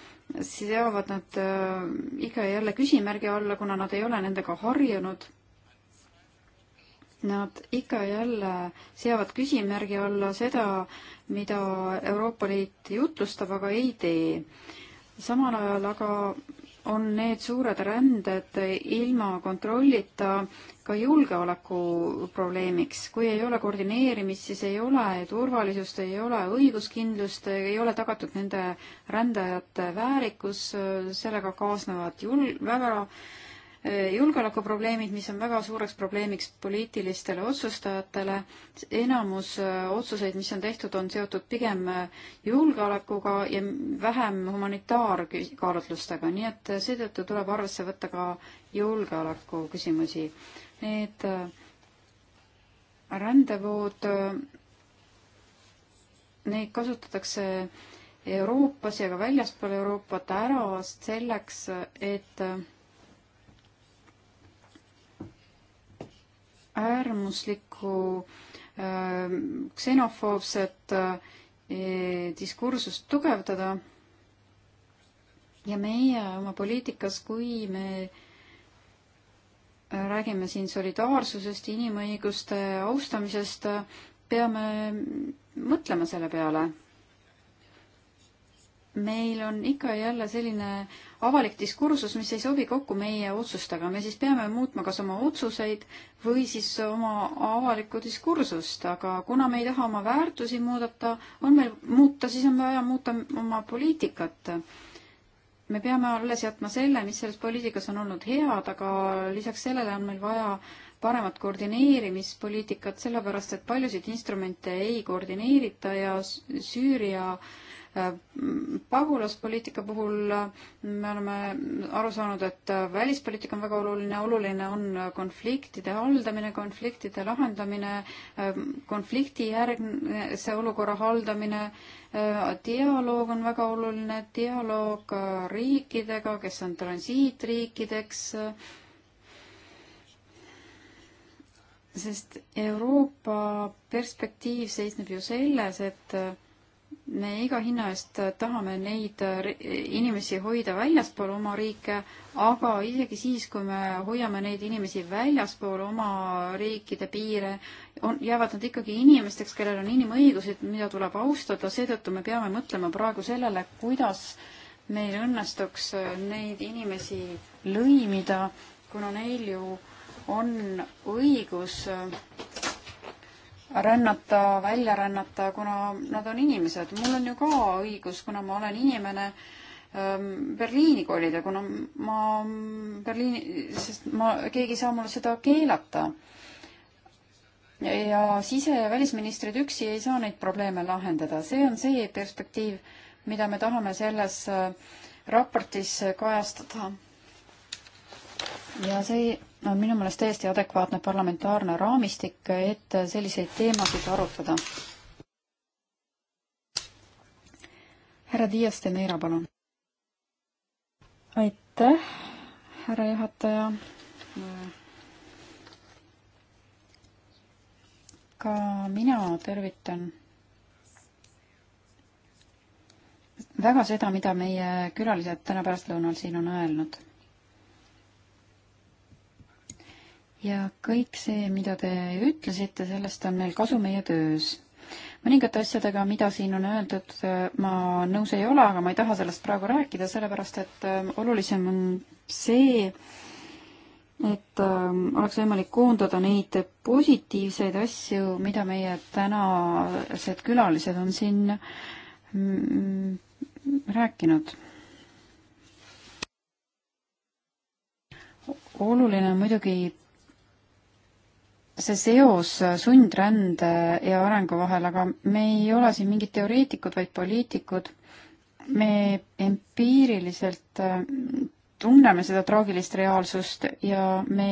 seavad nad äh, ikka ja jälle küsimärgi alla, kuna nad ei ole nendega harjunud. Nad ikka ja jälle seavad küsimärgi alla seda, mida Euroopa Liit jutlustab, aga ei tee. samal ajal aga on need suured ränded ilma kontrollita ka julgeolekuprobleemiks. kui ei ole koordineerimist, siis ei ole turvalisust, ei ole õiguskindlust, ei ole tagatud nende rändajate väärikus, sellega kaasnevad jul-, väga Äh, julgeolekuprobleemid, mis on väga suureks probleemiks poliitilistele otsustajatele. enamus äh, otsuseid, mis on tehtud, on seotud pigem äh, julgeolekuga ja vähem humanitaarkaalutlustega, nii et seetõttu tuleb arvesse võtta ka julgeoleku küsimusi. Need rändevood, neid kasutatakse Euroopas ja ka väljaspool Euroopat ära selleks, et äärmuslikku ähm, ksenofoobset äh, diskursust tugevdada. ja meie oma poliitikas, kui me räägime siin solidaarsusest, inimõiguste austamisest, peame mõtlema selle peale meil on ikka ja jälle selline avalik diskursus, mis ei sobi kokku meie otsustega, me siis peame muutma kas oma otsuseid või siis oma avalikku diskursust, aga kuna me ei taha oma väärtusi muudata, on meil muuta, siis on vaja muuta oma poliitikat. me peame alles jätma selle, mis selles poliitikas on olnud head, aga lisaks sellele on meil vaja paremat koordineerimispoliitikat, sellepärast et paljusid instrumente ei koordineerita ja Süüria äh, Äh, pagulaspoliitika puhul äh, me oleme aru saanud, et äh, välispoliitika on väga oluline, oluline on konfliktide haldamine, konfliktide lahendamine, konfliktijärgse olukorra haldamine, dialoog on väga oluline, dialoog riikidega, kes on transiitriikideks, sest Euroopa perspektiiv seisneb ju selles, et me iga hinna eest tahame neid inimesi hoida väljaspool oma riike, aga isegi siis, kui me hoiame neid inimesi väljaspool oma riikide piire, on, jäävad nad ikkagi inimesteks, kellel on inimõigused, mida tuleb austada, seetõttu me peame mõtlema praegu sellele, kuidas meil õnnestuks neid inimesi lõimida, kuna neil ju on õigus äh, rännata, välja rännata, kuna nad on inimesed. mul on ju ka õigus, kuna ma olen inimene, ähm, Berliini kolida, kuna ma Berliini, sest ma, keegi ei saa mulle seda keelata. ja sise- ja välisministrid üksi ei saa neid probleeme lahendada. see on see perspektiiv, mida me tahame selles äh, raportis kajastada. ja see on minu meelest täiesti adekvaatne parlamentaarne raamistik, et selliseid teemasid arutada. härra Dias de Meira, palun. aitäh, härra juhataja. ka mina tervitan väga seda, mida meie külalised täna pärastlõunal siin on öelnud ja kõik see, mida te ütlesite, sellest on meil kasu meie töös. mõningate asjadega, mida siin on öeldud, ma nõus ei ole, aga ma ei taha sellest praegu rääkida, sellepärast et ähm, olulisem on see, et ähm, oleks võimalik koondada neid positiivseid asju, mida meie tänased külalised on siin mm, rääkinud oluline on muidugi see seos sundrände ja arengu vahel, aga me ei ole siin mingid teoreetikud, vaid poliitikud. me empiiriliselt äh, tunneme seda traagilist reaalsust ja me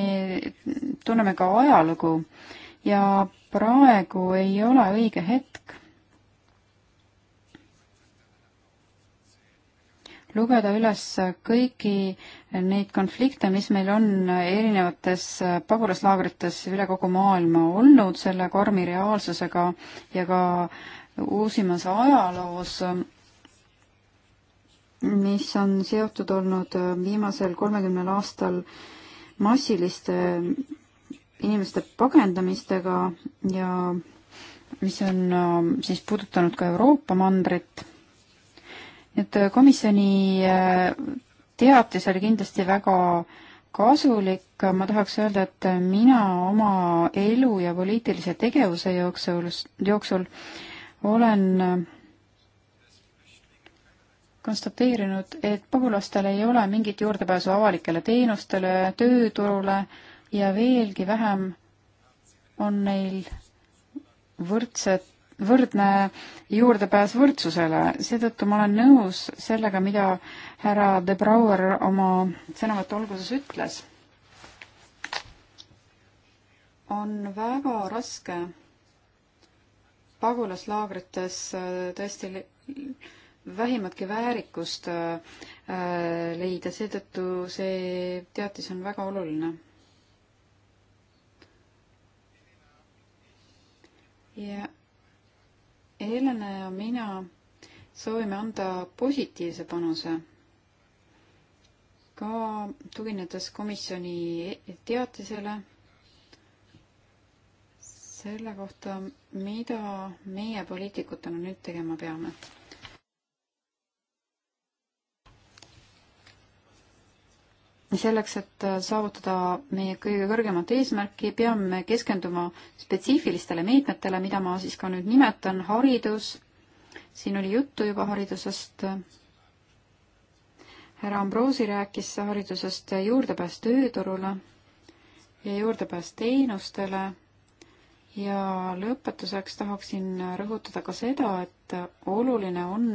tunneme ka ajalugu ja praegu ei ole õige hetk lugeda üles kõiki neid konflikte, mis meil on erinevates pagulaslaagrites üle kogu maailma olnud selle karmi reaalsusega ja ka uusimas ajaloos, mis on seotud olnud viimasel kolmekümnel aastal massiliste inimeste pagendamistega ja mis on äh, siis puudutanud ka Euroopa mandrit et äh, komisjoni äh, teatis oli kindlasti väga kasulik, ma tahaks öelda, et mina oma elu ja poliitilise tegevuse jooksul, jooksul olen äh, konstateerinud, et pagulastel ei ole mingit juurdepääsu avalikele teenustele, tööturule ja veelgi vähem on neil võrdset võrdne juurdepääs võrdsusele, seetõttu ma olen nõus sellega, mida härra De Brouwer oma sõnavõtu alguses ütles. on väga raske pagulaslaagrites äh, tõesti vähimatki väärikust äh, leida, seetõttu see teatis on väga oluline ja Helena ja mina soovime anda positiivse panuse ka tuginedes komisjoni teatisele selle kohta, mida meie poliitikutena nüüd tegema peame selleks, et äh, saavutada meie kõige kõrgemat eesmärki, peame keskenduma spetsiifilistele meetmetele, mida ma siis ka nüüd nimetan, haridus, siin oli juttu juba haridusest, härra Ambrosi rääkis haridusest juurdepääs tööturule ja juurdepääs teenustele ja lõpetuseks tahaksin rõhutada ka seda, et oluline on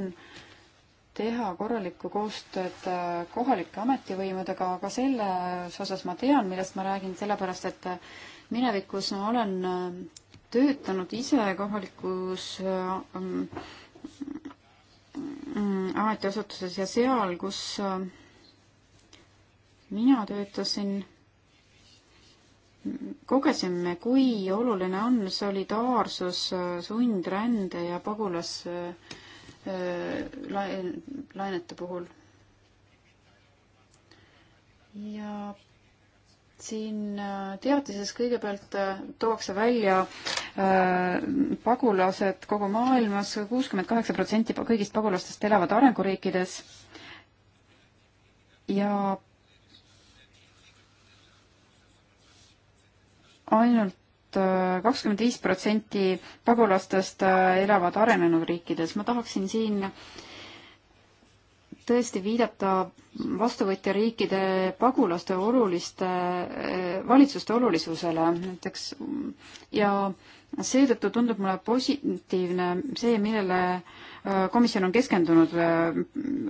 teha korralikku koostööd äh, kohalike ametivõimudega, aga selles osas ma tean, millest ma räägin, sellepärast et äh, minevikus ma olen äh, töötanud ise kohalikus mm, mm, ametiasutuses ja seal, kus mina töötasin, kogesime, kui oluline on solidaarsus sundrände ja pagulas äh, lainete puhul. ja siin äh, teatises kõigepealt äh, tuuakse välja äh, pagulased kogu maailmas, kuuskümmend kaheksa protsenti kõigist pagulastest elavad arenguriikides ja ainult et äh, kakskümmend viis protsenti pagulastest äh, elavad arenenud riikides. ma tahaksin siin tõesti viidata vastuvõtja riikide pagulaste oluliste, äh, valitsuste olulisusele näiteks ja seetõttu tundub mulle positiivne see, millele komisjon on keskendunud,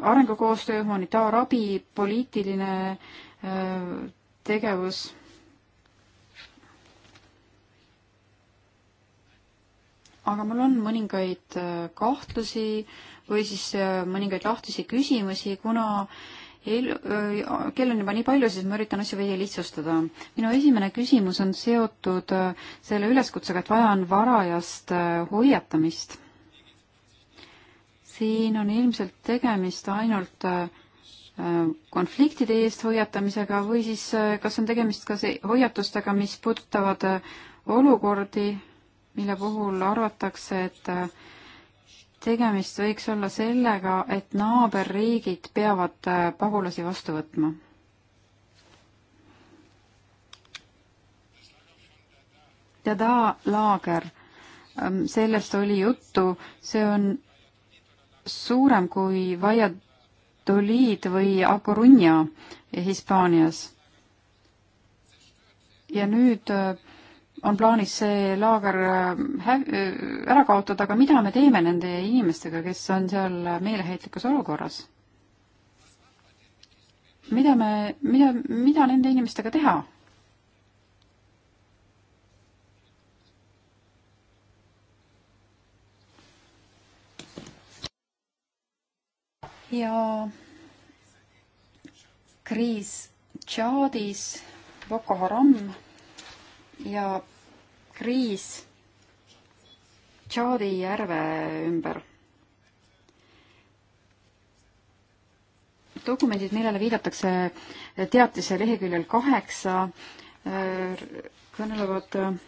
arengukoostöö, humanitaarabi, poliitiline tegevus aga mul on mõningaid äh, kahtlusi või siis äh, mõningaid lahtisi küsimusi, kuna eel-, äh, kell on juba nii palju, siis ma üritan asju veidi lihtsustada. minu esimene küsimus on seotud selle üleskutsega, et vaja on varajast hoiatamist. siin on ilmselt tegemist ainult konfliktide eest hoiatamisega või siis kas on tegemist ka hoiatustega, mis puudutavad olukordi, mille puhul arvatakse, et äh, tegemist võiks olla sellega, et naaberriigid peavad äh, pagulasi vastu võtma. Dada laager, ähm, sellest oli juttu, see on suurem kui Valladolid või A Coruña Hispaanias. ja nüüd äh, on plaanis see laager äh, äh, ära kaotada, aga mida me teeme nende inimestega, kes on seal meeleheitlikus olukorras? mida me, mida, mida nende inimestega teha? ja kriis Tšaadis, Boko Haram ja kriis Tšaadi järve ümber. dokumendid, millele viidatakse teatise leheküljel kaheksa, äh, kõnelevad äh,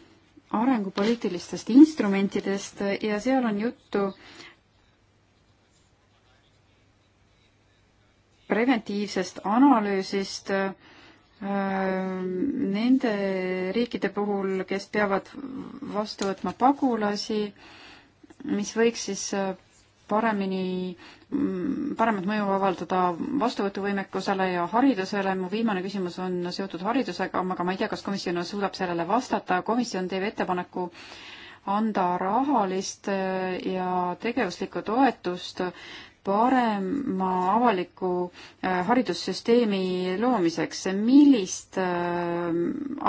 arengupoliitilistest instrumentidest ja seal on juttu preventiivsest analüüsist äh, Äh, nende riikide puhul, kes peavad vastu võtma pagulasi, mis võiks siis äh, paremini, mm, paremat mõju avaldada vastuvõtuvõimekusele ja haridusele. mu viimane küsimus on seotud haridusega, aga ma ei tea, kas komisjon suudab sellele vastata. komisjon teeb ettepaneku anda rahalist äh, ja tegevuslikku toetust parema avaliku äh, haridussüsteemi loomiseks, millist äh,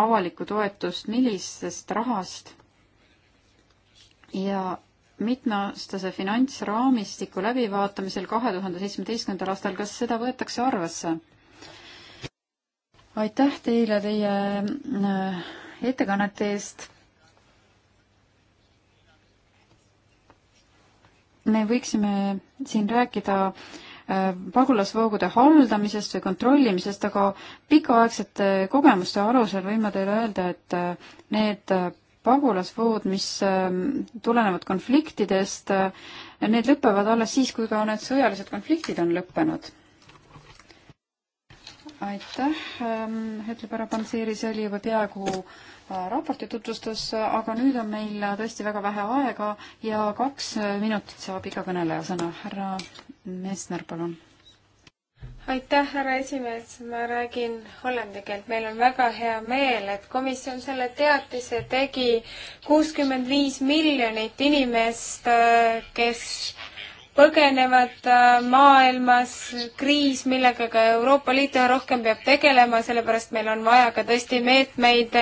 avalikku toetust, millisest rahast ja mitmeaastase finantsraamistiku läbivaatamisel kahe tuhande seitsmeteistkümnendal aastal, kas seda võetakse arvesse? aitäh teile teie äh, ettekannete eest me võiksime siin rääkida äh, pagulasvoogude haldamisest või kontrollimisest, aga pikaaegsete kogemuste alusel võin ma teile öelda, et äh, need äh, pagulasvood, mis ähm, tulenevad konfliktidest, need lõpevad alles siis, kui ka need sõjalised konfliktid on lõppenud. aitäh, ähm, ütleb härra Panseri, see oli juba peaaegu Äh, raporti tutvustus, aga nüüd on meil tõesti väga vähe aega ja kaks minutit saab iga kõneleja sõna. härra Messner, palun. aitäh, härra esimees, ma räägin hollandi keelt. meil on väga hea meel, et komisjon selle teatise tegi kuuskümmend viis miljonit inimest, äh, kes põgenevad äh, maailmas, kriis, millega ka Euroopa Liit üha rohkem peab tegelema, sellepärast meil on vaja ka tõesti meetmeid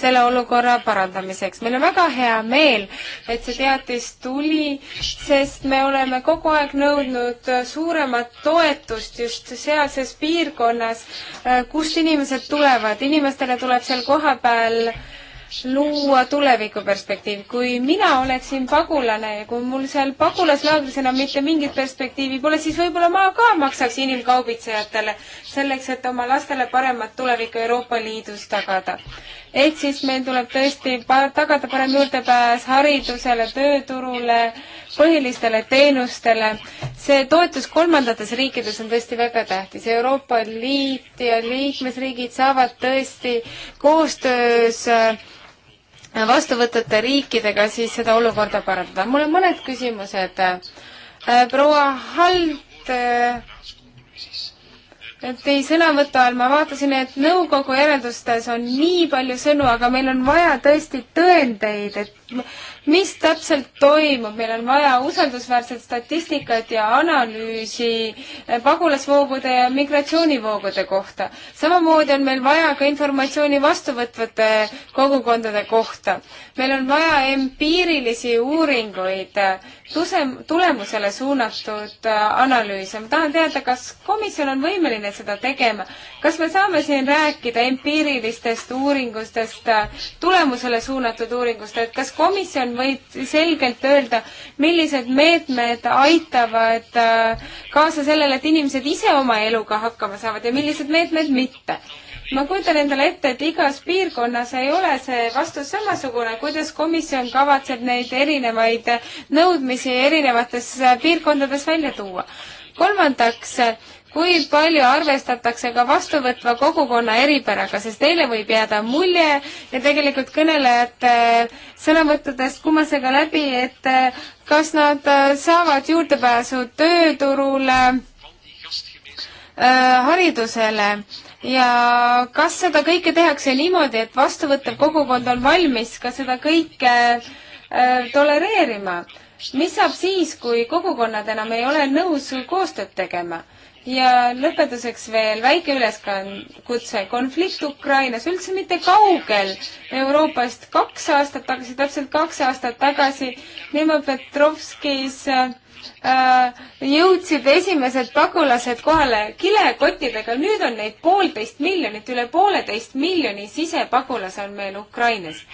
selle olukorra parandamiseks. meil on väga hea meel, et see teatis tuli, sest me oleme kogu aeg nõudnud suuremat toetust just sealses piirkonnas, äh, kust inimesed tulevad, inimestele tuleb seal kohapeal luua tulevikuperspektiiv. kui mina oleksin pagulane ja kui mul seal pagulaslaagris enam mitte mingit perspektiivi pole, siis võib-olla ma ka maksaks inimkaubitsejatele selleks, et oma lastele paremat tulevikku Euroopa Liidus tagada. ehk siis meil tuleb tõesti tagada parem juurdepääs haridusele, tööturule, põhilistele teenustele. see toetus kolmandates riikides on tõesti väga tähtis. Euroopa Liit ja liikmesriigid saavad tõesti koostöös äh, vastuvõtete riikidega, siis seda olukorda parandada. mul on mõned küsimused. Äh, proua Halt, äh, teie sõnavõtu ajal ma vaatasin, et nõukogu järeldustes on nii palju sõnu, aga meil on vaja tõesti tõendeid, et mis täpselt toimub, meil on vaja usaldusväärset statistikat ja analüüsi pagulasvoogude ja migratsioonivoogude kohta. samamoodi on meil vaja ka informatsiooni vastuvõtvate kogukondade kohta. meil on vaja empiirilisi uuringuid, tusem-, tulemusele suunatud analüüse. ma tahan teada, kas komisjon on võimeline seda tegema, kas me saame siin rääkida empiirilistest uuringutest, tulemusele suunatud uuringust, et kas komisjon komisjon võib selgelt öelda, millised meetmed aitavad äh, kaasa sellele, et inimesed ise oma eluga hakkama saavad ja millised meetmed mitte ma kujutan endale ette, et igas piirkonnas ei ole see vastus samasugune, kuidas komisjon kavatseb neid erinevaid nõudmisi erinevates piirkondades välja tuua. kolmandaks, kui palju arvestatakse ka vastuvõtva kogukonna eripäraga, sest neile võib jääda mulje ja tegelikult kõnelejate sõnavõttudest kumas see ka läbi, et eh, kas nad eh, saavad juurdepääsu tööturule, eh, haridusele ja kas seda kõike tehakse niimoodi, et vastuvõttev kogukond on valmis ka seda kõike tolereerima? mis saab siis, kui kogukonnad enam ei ole nõus koostööd tegema? ja lõpetuseks veel väike üleskutse. konflikt Ukrainas üldse mitte kaugel Euroopast. kaks aastat tagasi, täpselt kaks aastat tagasi, Nemopetrovskis äh, jõudsid esimesed pagulased kohale kilekottidega, nüüd on neid poolteist miljonit, üle pooleteist miljoni sisepagulase on meil Ukrainas.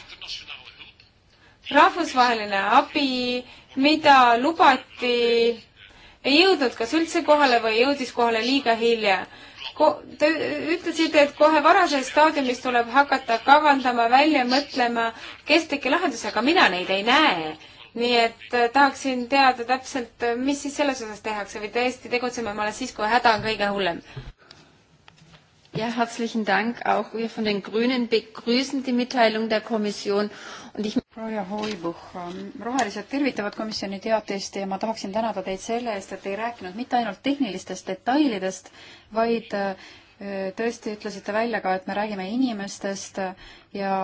rahvusvaheline abi, mida lubati ei jõudnud kas üldse kohale või jõudis kohale liiga hilja ko-, te ütlesite, et kohe varases staadiumis tuleb hakata kavandama, välja mõtlema kestlikke lahendusi, aga mina neid ei näe. nii et äh, tahaksin teada täpselt, mis siis selles osas tehakse või tõesti tegutseme me alles siis, kui häda on kõige hullem. Ja, herzlichen Dank. Auch wir von den Grünen begrüßen die Mitteilung der Kommission und ich Proua Hoibuh, ähm, rohelised tervitavad komisjoni teatist ja ma tahaksin tänada teid selle eest, et ei rääkinud mitte ainult tehnilistest detailidest, vaid äh, tõesti ütlesite välja ka, et me räägime inimestest ja,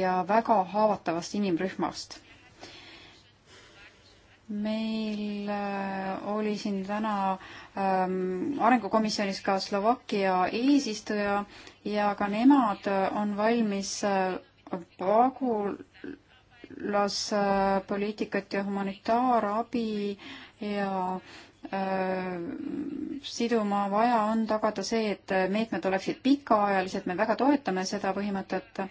ja väga haavatavast inimrühmast meil äh, oli siin täna ähm, arengukomisjonis ka Slovakkia eesistuja ja ka nemad äh, on valmis äh, pagulaspoliitikat äh, ja humanitaarabi ja äh, siduma vaja on tagada see, et meetmed oleksid pikaajalised, me väga toetame seda põhimõtet.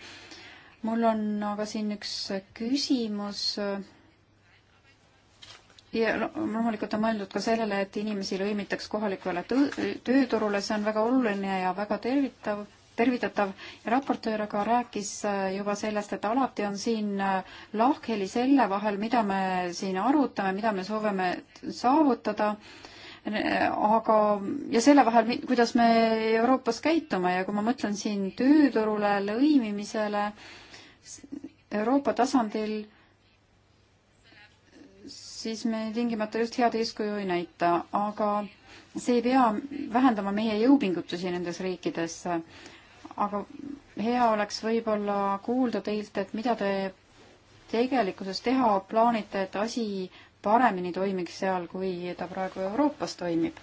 mul on aga siin üks küsimus ja loomulikult on mõeldud ka sellele, et inimesi lõimitaks kohalikule tööturule, see on väga oluline ja väga tervitav tervitatav ja raportöör aga rääkis äh, juba sellest, et alati on siin äh, lahkheli selle vahel, mida me siin arutame, mida me soovime saavutada, äh, aga, ja selle vahel, kuidas me Euroopas käitume ja kui ma mõtlen siin tööturule, lõimimisele, Euroopa tasandil siis me tingimata just head eeskuju ei näita, aga see ei pea vähendama meie jõupingutusi nendes riikides. aga hea oleks võib-olla kuulda teilt, et mida te tegelikkuses teha plaanite, et asi paremini toimiks seal, kui ta praegu Euroopas toimib?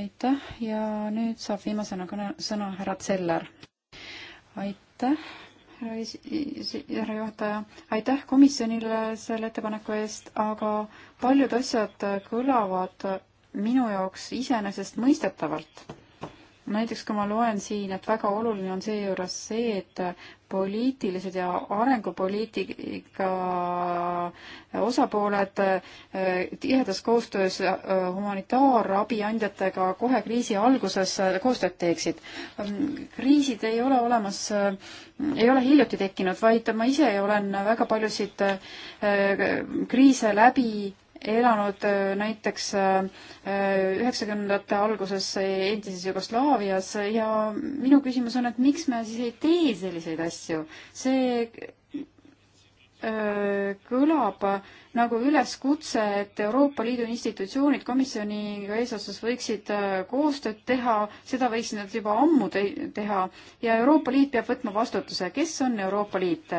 aitäh ja nüüd saab viimasena kõne, sõna härra Zeller. aitäh härra juhataja. aitäh komisjonile selle ettepaneku eest, aga paljud asjad kõlavad minu jaoks iseenesestmõistetavalt näiteks kui ma loen siin, et väga oluline on seejuures see, et poliitilised ja arengupoliitika osapooled eh, tihedas koostöös eh, humanitaarabi andjatega kohe kriisi alguses eh, koostööd teeksid. Mm, kriisid ei ole olemas, ei ole hiljuti tekkinud, vaid ma ise olen väga paljusid kriise läbi elanud äh, näiteks äh, üheksakümnendate alguses endises Jugoslaavias ja minu küsimus on, et miks me siis ei tee selliseid asju? see äh, kõlab nagu üleskutse, et Euroopa Liidu institutsioonid komisjoniga eesotsas võiksid koostööd teha, seda võiksid nad juba ammu te teha ja Euroopa Liit peab võtma vastutuse, kes on Euroopa Liit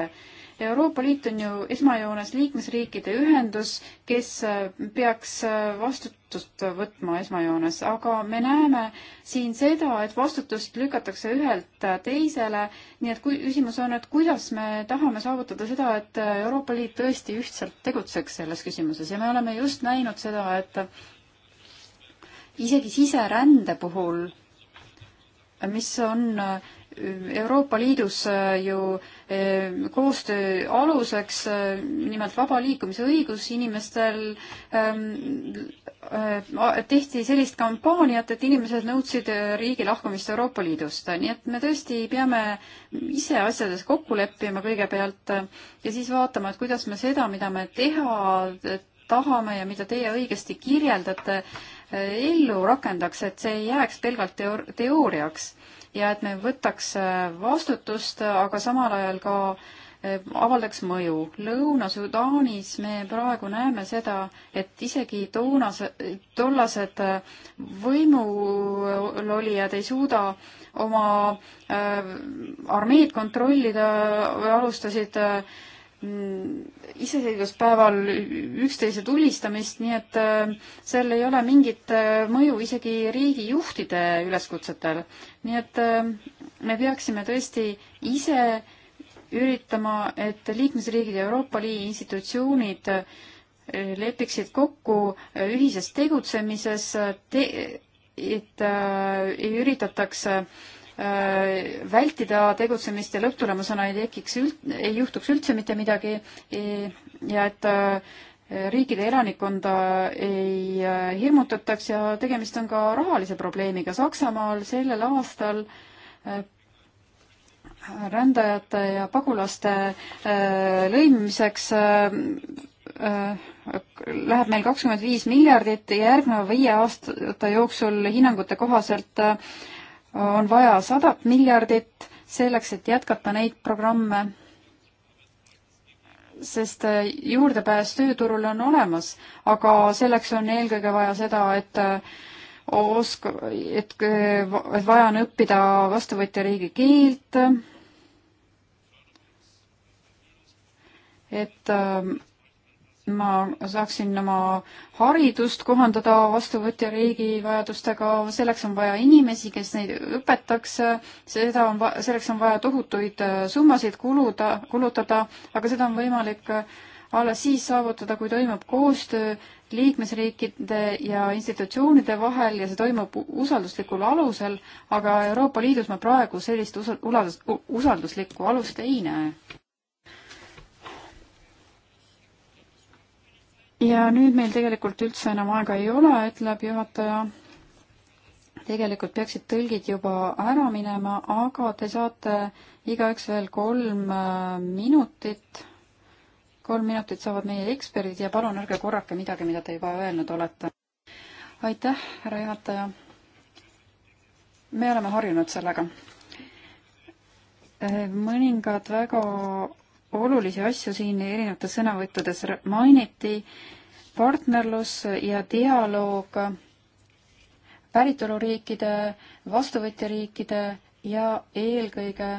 Euroopa Liit on ju esmajoones liikmesriikide ühendus, kes äh, peaks äh, vastutust võtma esmajoones, aga me näeme siin seda, et vastutust lükatakse ühelt äh, teisele, nii et kui küsimus on, et kuidas me tahame saavutada seda, et Euroopa Liit tõesti ühtselt tegutseks selles küsimuses ja me oleme just näinud seda, et isegi siserände puhul, mis on äh, Euroopa Liidus äh, ju äh, koostöö aluseks äh, nimelt vaba liikumise õigus inimestel ähm, tehti sellist kampaaniat, et inimesed nõudsid riigi lahkumist Euroopa Liidust, nii et me tõesti peame ise asjades kokku leppima kõigepealt ja siis vaatama, et kuidas me seda, mida me teha tahame ja mida teie õigesti kirjeldate, ellu rakendaks, et see ei jääks pelgalt teooriaks ja et me võtaks äh, vastutust, aga samal ajal ka äh, avaldaks mõju. Lõuna-Sudaanis me praegu näeme seda, et isegi toonase, tollased äh, võimul olijad ei suuda oma äh, armeed kontrollida, alustasid äh, Mm, iseseisvuspäeval üksteise tulistamist, nii et äh, seal ei ole mingit äh, mõju isegi riigijuhtide üleskutsetel. nii et äh, me peaksime tõesti ise üritama, et liikmesriigid ja Euroopa Liidu institutsioonid lepiksid kokku ühises tegutsemises te, et äh, ei üritataks äh, Äh, vältida tegutsemist ja lõpptulemusena ei tekiks üld, ei juhtuks üldse mitte midagi e, ja et äh, riikide elanikkonda ei äh, hirmutataks ja tegemist on ka rahalise probleemiga. Saksamaal sellel aastal rändajate ja pagulaste lõimimiseks läheb meil kakskümmend viis miljardit ja järgneva viie aasta jooksul hinnangute kohaselt on vaja sadat miljardit selleks, et jätkata neid programme, sest äh, juurdepääs tööturule on olemas, aga selleks on eelkõige vaja seda, et äh, oska-, et, äh, et vaja on õppida vastuvõtja riigi keelt, et ma saaksin oma haridust kohandada vastuvõtja riigi vajadustega, selleks on vaja inimesi, kes neid õpetaks, seda on, selleks on vaja tohutuid äh, summasid kuluda, kulutada, aga seda on võimalik äh, alles siis saavutada, kui toimub koostöö liikmesriikide ja institutsioonide vahel ja see toimub usalduslikul alusel, aga Euroopa Liidus ma praegu sellist usalduslikku alust ei näe. ja nüüd meil tegelikult üldse enam aega ei ole, ütleb juhataja. tegelikult peaksid tõlgid juba ära minema, aga te saate igaüks veel kolm äh, minutit. kolm minutit saavad meie eksperdid ja palun ärge korrake midagi, mida te juba öelnud olete. aitäh, härra juhataja. me oleme harjunud sellega äh, mõningad väga olulisi asju siin erinevates sõnavõttudes mainiti, partnerlus ja dialoog päritoluriikide, vastuvõtjariikide ja eelkõige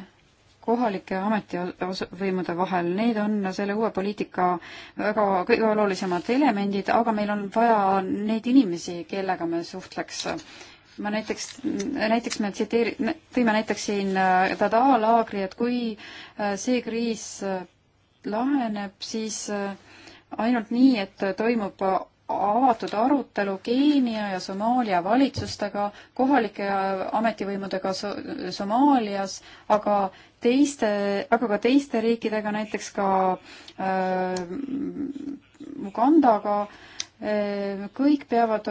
kohalike ametivõimude vahel, need on selle uue poliitika väga kõige olulisemad elemendid, aga meil on vaja neid inimesi, kellega me suhtleks ma näiteks, näiteks me tsiteeri-, tõime näiteks siin Dada äh, laagri, et kui äh, see kriis äh, laheneb, siis ainult nii, et toimub avatud arutelu Keenia ja Somaalia valitsustega, kohalike ametivõimudega so Somaalias, aga teiste, aga ka teiste riikidega, näiteks ka äh, Ugandaga äh,, Ehm, kõik peavad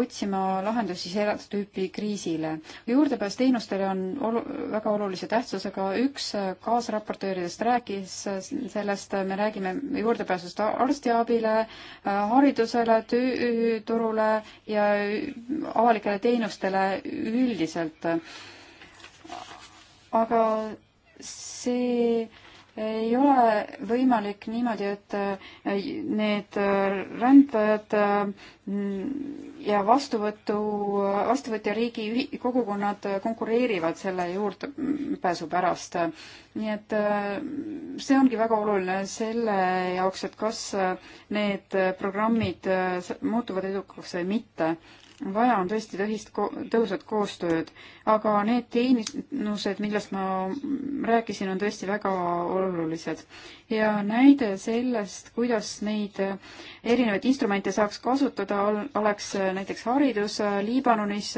otsima lahendusi selle tüüpi kriisile. juurdepääs teenustele on olu-, väga olulise tähtsusega, üks äh, kaasraportööridest rääkis äh, sellest, äh, me räägime juurdepääsust arstiabile, haridusele, tööturule ja avalikele teenustele üldiselt. aga see ei ole võimalik niimoodi, et äh, need äh, rändajad äh, ja vastuvõtu, vastuvõtja riigi kogukonnad konkureerivad selle juurdepääsu pärast. nii et see ongi väga oluline selle jaoks, et kas need programmid muutuvad edukaks või mitte vaja on tõesti tõhist ko-, tõhusat koostööd, aga need teenused, millest ma rääkisin, on tõesti väga olulised. ja näide sellest, kuidas neid erinevaid instrumente saaks kasutada, oleks näiteks haridus Liibanonis,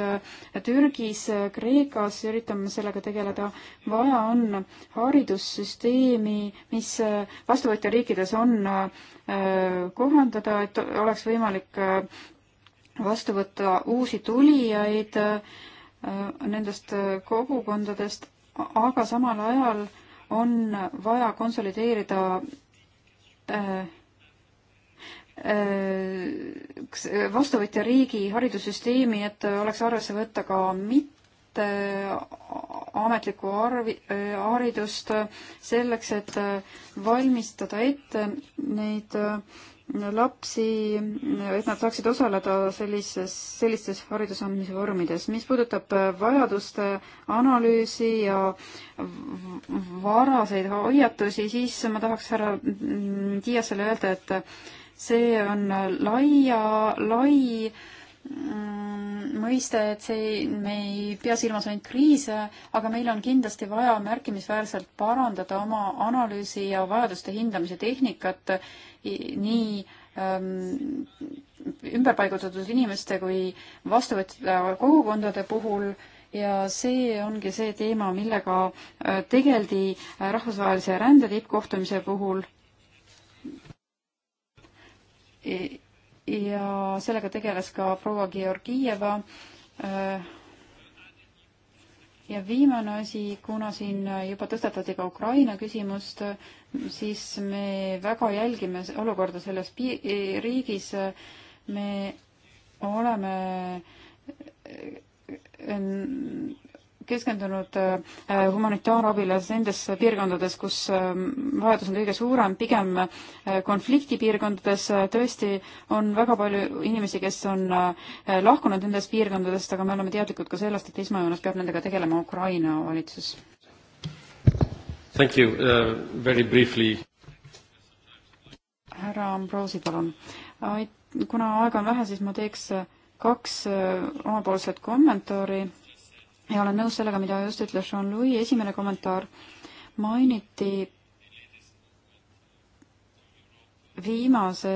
Türgis, Kreekas, üritame sellega tegeleda, vaja on haridussüsteemi, mis vastuvõtjariikides on äh, kohandada, et oleks võimalik äh, vastu võtta uusi tulijaid äh, nendest äh, kogukondadest, aga samal ajal on vaja konsolideerida äh, vastuvõtja riigi haridussüsteemi, et oleks arvesse võtta ka mitte ametlikku arvi, haridust selleks, et valmistada ette neid äh, lapsi, et nad saaksid osaleda sellises, sellistes hariduse andmise vormides. mis puudutab vajaduste analüüsi ja varaseid hoiatusi, siis ma tahaks härra Tiiasele öelda, et see on laia, lai Mm, mõiste, et see ei, me ei pea silmas ainult kriise, aga meil on kindlasti vaja märkimisväärselt parandada oma analüüsi ja vajaduste hindamise tehnikat nii ähm, ümberpaigutatud inimeste kui vastuvõtjate kogukondade puhul ja see ongi see teema, millega äh, tegeldi äh, rahvusvahelise rände tippkohtumise puhul e ja sellega tegeles ka proua Georgieva. ja viimane asi, kuna siin juba tõstatati ka Ukraina küsimust, siis me väga jälgime olukorda selles riigis. me oleme keskendunud äh, humanitaarabile nendes piirkondades, kus ähm, vajadus on kõige suurem, pigem äh, konfliktipiirkondades tõesti on väga palju inimesi, kes on äh, lahkunud nendest piirkondadest, aga me oleme teadlikud ka sellest, et esmajoones peab nendega tegelema Ukraina valitsus. Thank you uh, very briefly. härra Ambrosi, palun. kuna aega on vähe, siis ma teeks kaks omapoolset kommentaari ja olen nõus sellega, mida just ütles Jean-Louis, esimene kommentaar mainiti viimase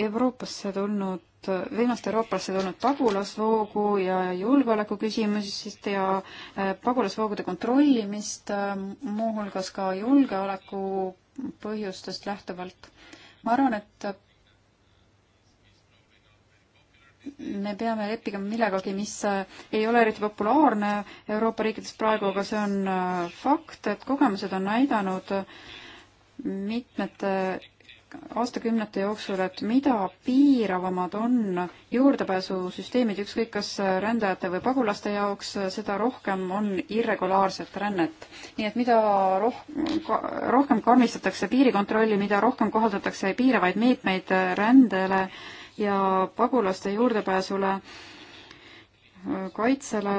Euroopasse tulnud, viimast Euroopasse tulnud pagulasvoogu ja julgeolekuküsimust ja äh, pagulasvoogude kontrollimist, äh, muuhulgas ka julgeoleku põhjustest lähtuvalt. ma arvan, et me peame leppima millegagi, mis äh, ei ole eriti populaarne Euroopa riikides praegu, aga see on äh, fakt, et kogemused on näidanud mitmete aastakümnete jooksul, et mida piiravamad on juurdepääsusüsteemid, ükskõik kas rändajate või pagulaste jaoks, seda rohkem on irregulaarset rännet. nii et mida roh-, rohkem karmistatakse piirikontrolli, mida rohkem kohaldatakse piiravaid meetmeid rändele, ja pagulaste juurdepääsule äh, kaitsele,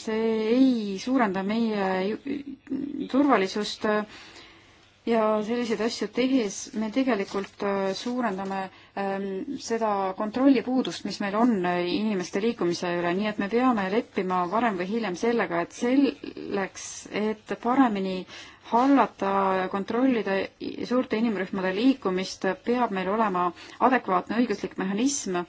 see ei suurenda meie turvalisust äh, ja selliseid asju tehes me tegelikult äh, suurendame ähm, seda kontrollipuudust, mis meil on inimeste liikumise üle, nii et me peame leppima varem või hiljem sellega, et selleks, et paremini hallata ja kontrollida suurte inimrühmade liikumist, peab meil olema adekvaatne õiguslik mehhanism,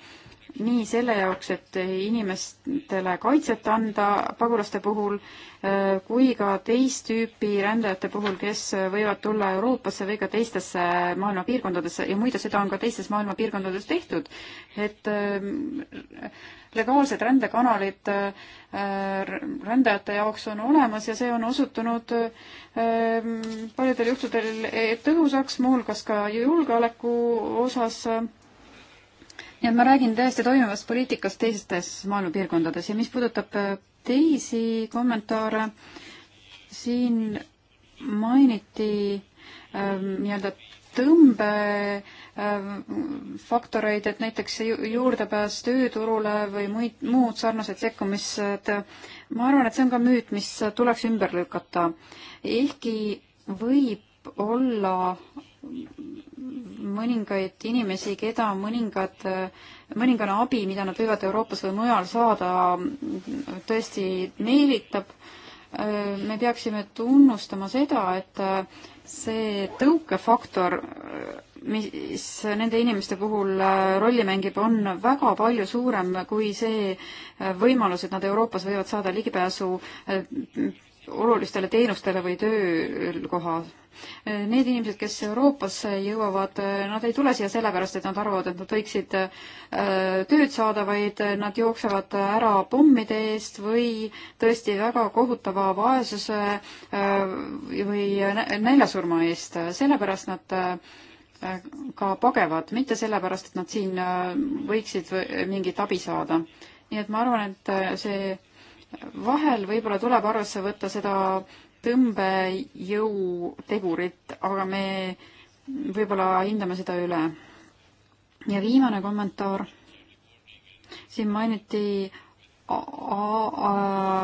nii selle jaoks, et inimestele kaitset anda pagulaste puhul, äh, kui ka teist tüüpi rändajate puhul, kes võivad tulla Euroopasse või ka teistesse maailma piirkondadesse ja muide, seda on ka teistes maailma piirkondades tehtud, et äh, legaalsed rändekanalid äh, rändajate jaoks on olemas ja see on osutunud paljudel juhtudel tõhusaks, muuhulgas ka julgeoleku osas nii et ma räägin täiesti toimivast poliitikast teistes maailma piirkondades ja mis puudutab äh, teisi kommentaare, siin mainiti ähm, nii-öelda tõmbefaktoreid, ähm, et näiteks juurdepääs tööturule või muid, muud sarnased sekkumised. ma arvan, et see on ka müüt, mis tuleks ümber lükata. ehkki võib olla mõningaid inimesi, keda mõningad, mõningane abi, mida nad võivad Euroopas või mujal saada, tõesti meelitab. me peaksime tunnustama seda, et see tõukefaktor, mis nende inimeste puhul rolli mängib, on väga palju suurem kui see võimalus, et nad Euroopas võivad saada ligipääsu olulistele teenustele või töökoha. Need inimesed, kes Euroopasse jõuavad, nad ei tule siia sellepärast, et nad arvavad, et nad võiksid äh, tööd saada, vaid nad jooksevad ära pommide eest või tõesti väga kohutava vaesuse äh, või näljasurma eest, sellepärast nad äh, ka pagevad, mitte sellepärast, et nad siin võiksid mingit abi saada. nii et ma arvan, et see vahel võib-olla tuleb arvesse võtta seda tõmbejõutegurit, aga me võib-olla hindame seda üle. ja viimane kommentaar. siin mainiti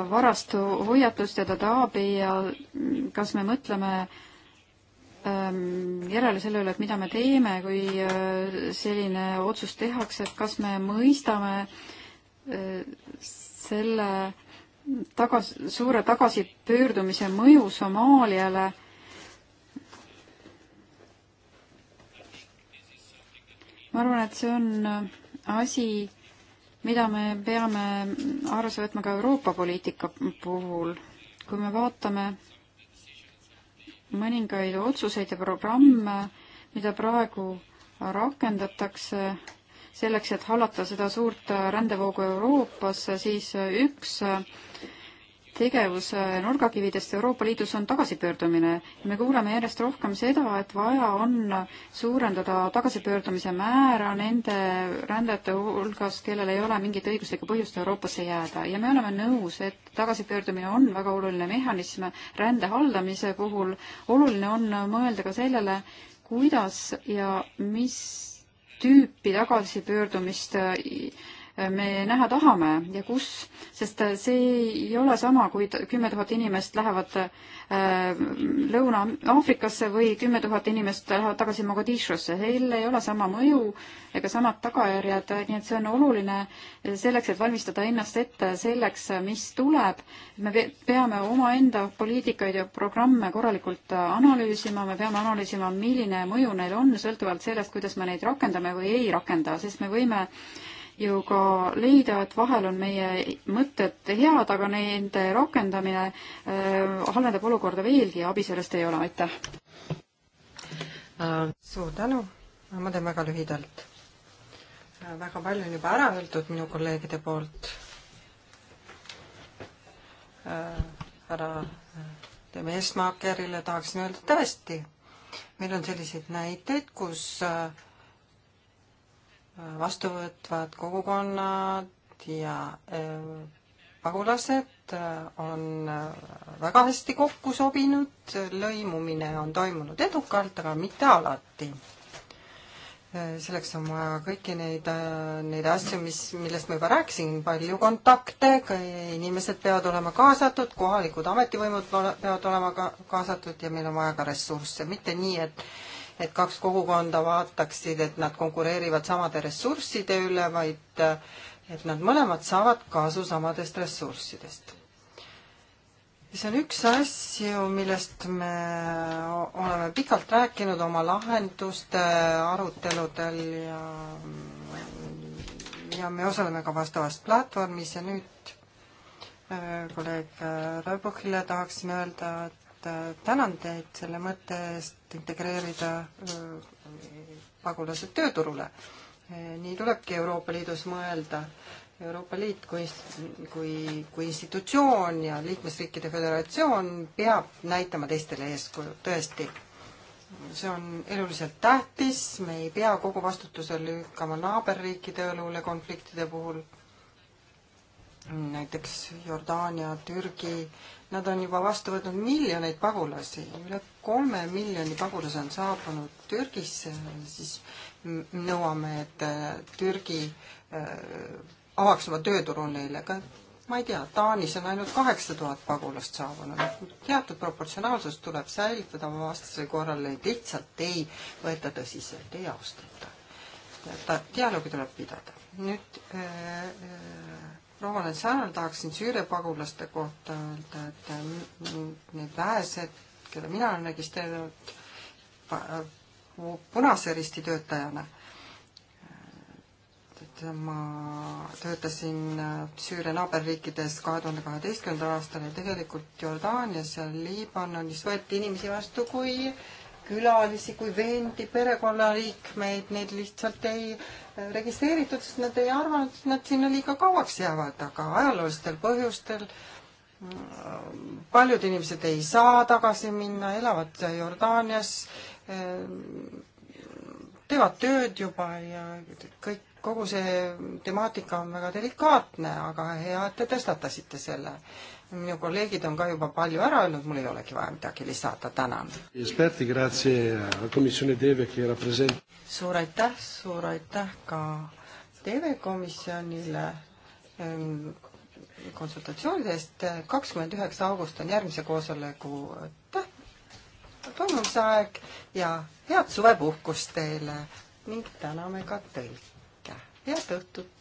varastu hoiatust ja Dadabi ja kas me mõtleme ähm, järele selle üle, et mida me teeme, kui äh, selline otsus tehakse, et kas me mõistame äh, selle tagas, suure tagasipöördumise mõju Somaaliale. ma arvan, et see on äh, asi, mida me peame arvesse võtma ka Euroopa poliitika puhul. kui me vaatame mõningaid otsuseid ja programme, mida praegu rakendatakse selleks, et hallata seda suurt rändevoogu Euroopas, siis üks tegevuse nurgakividest Euroopa Liidus on tagasipöördumine. me kuuleme järjest rohkem seda, et vaja on suurendada tagasipöördumise määra nende rändajate hulgas, kellel ei ole mingit õiguslikku põhjust Euroopasse jääda ja me oleme nõus, et tagasipöördumine on väga oluline mehhanism rände haldamise puhul. oluline on mõelda ka sellele, kuidas ja mis tüüpi tagasipöördumist äh, me näha tahame ja kus, sest see ei ole sama, kui kümme tuhat inimest lähevad äh, Lõuna-Aafrikasse või kümme tuhat inimest lähevad tagasi Mogadishosse, neil ei ole sama mõju ega samad tagajärjed, nii et see on oluline selleks, et valmistada ennast ette selleks, mis tuleb. me peame omaenda poliitikaid ja programme korralikult analüüsima, me peame analüüsima, milline mõju neil on, sõltuvalt sellest, kuidas me neid rakendame või ei rakenda, sest me võime äh, ju ka leida, et vahel on meie mõtted head, aga nende rakendamine äh, halvendab olukorda veelgi ja abi sellest ei ole, aitäh! Äh, suur tänu, ma teen väga lühidalt. Äh, väga palju on juba ära öeldud minu kolleegide poolt. härra teeme Esmaakerile tahaksin öelda tõesti, meil on selliseid näiteid, kus äh, vastuvõtvad kogukonnad ja äh, pagulased äh, on äh, väga hästi kokku sobinud, lõimumine on toimunud edukalt, aga mitte alati. selleks on vaja kõiki neid, neid asju, mis, millest ma juba rääkisin, palju kontakte, inimesed peavad olema kaasatud, kohalikud ametivõimud peavad olema ka kaasatud ja meil on vaja ka ressursse, mitte nii, et et kaks kogukonda vaataksid, et nad konkureerivad samade ressursside üle, vaid eh, et nad mõlemad saavad kasu samadest ressurssidest. see on üks asju, millest me oleme pikalt rääkinud oma lahenduste aruteludel ja ja me osaleme ka vastavas platvormis ja nüüd eh, kolleeg Raibuhile tahaksime öelda, et et äh, tänan teid selle mõtte eest integreerida äh, pagulased tööturule. Äh, nii tulebki Euroopa Liidus mõelda. Euroopa Liit kui, kui, kui institutsioon ja liikmesriikide föderatsioon peab näitama teistele eeskuju, tõesti. see on eluliselt tähtis, me ei pea kogu vastutuse lükkama naaberriikide õlule konfliktide puhul näiteks Jordaania, Türgi Nad on juba vastu võtnud miljoneid pagulasi, üle kolme miljoni pagulase on saabunud Türgisse, siis nõuame, et äh, Türgi äh, avaks oma tööturu neile, aga ma ei tea, Taanis on ainult kaheksa tuhat pagulast saabunud. teatud proportsionaalsus tuleb säilitada, vastasel korral neid lihtsalt ei võeta tõsiselt, ei austata. dialoogi tuleb pidada. nüüd äh, äh Romanen Säärel tahaksin Süüria pagulaste kohta öelda, et mm, need vähesed, keda mina olen registreerinud Punase Risti töötajana, et ma töötasin äh, Süüria naaberriikides kahe tuhande kaheteistkümnendal aastal ja tegelikult Jordaanias ja Liibanonis võeti inimesi vastu kui külalisi kui vendi, perekonnaliikmeid, neid lihtsalt ei registreeritud, sest nad ei arvanud, et nad sinna liiga kauaks jäävad, aga ajaloolistel põhjustel mm, paljud inimesed ei saa tagasi minna, elavad Jordaanias, mm, teevad tööd juba ja kõik, kogu see temaatika on väga delikaatne, aga hea, et te tõstatasite selle minu kolleegid on ka juba palju ära öelnud, mul ei olegi vaja midagi lisada, tänan. suur aitäh, suur aitäh ka TV-komisjonile ähm, konsultatsioonide eest, kakskümmend üheksa august on järgmise koosoleku toimumise aeg ja head suvepuhkust teile ning täname ka tõlke, head õhtut!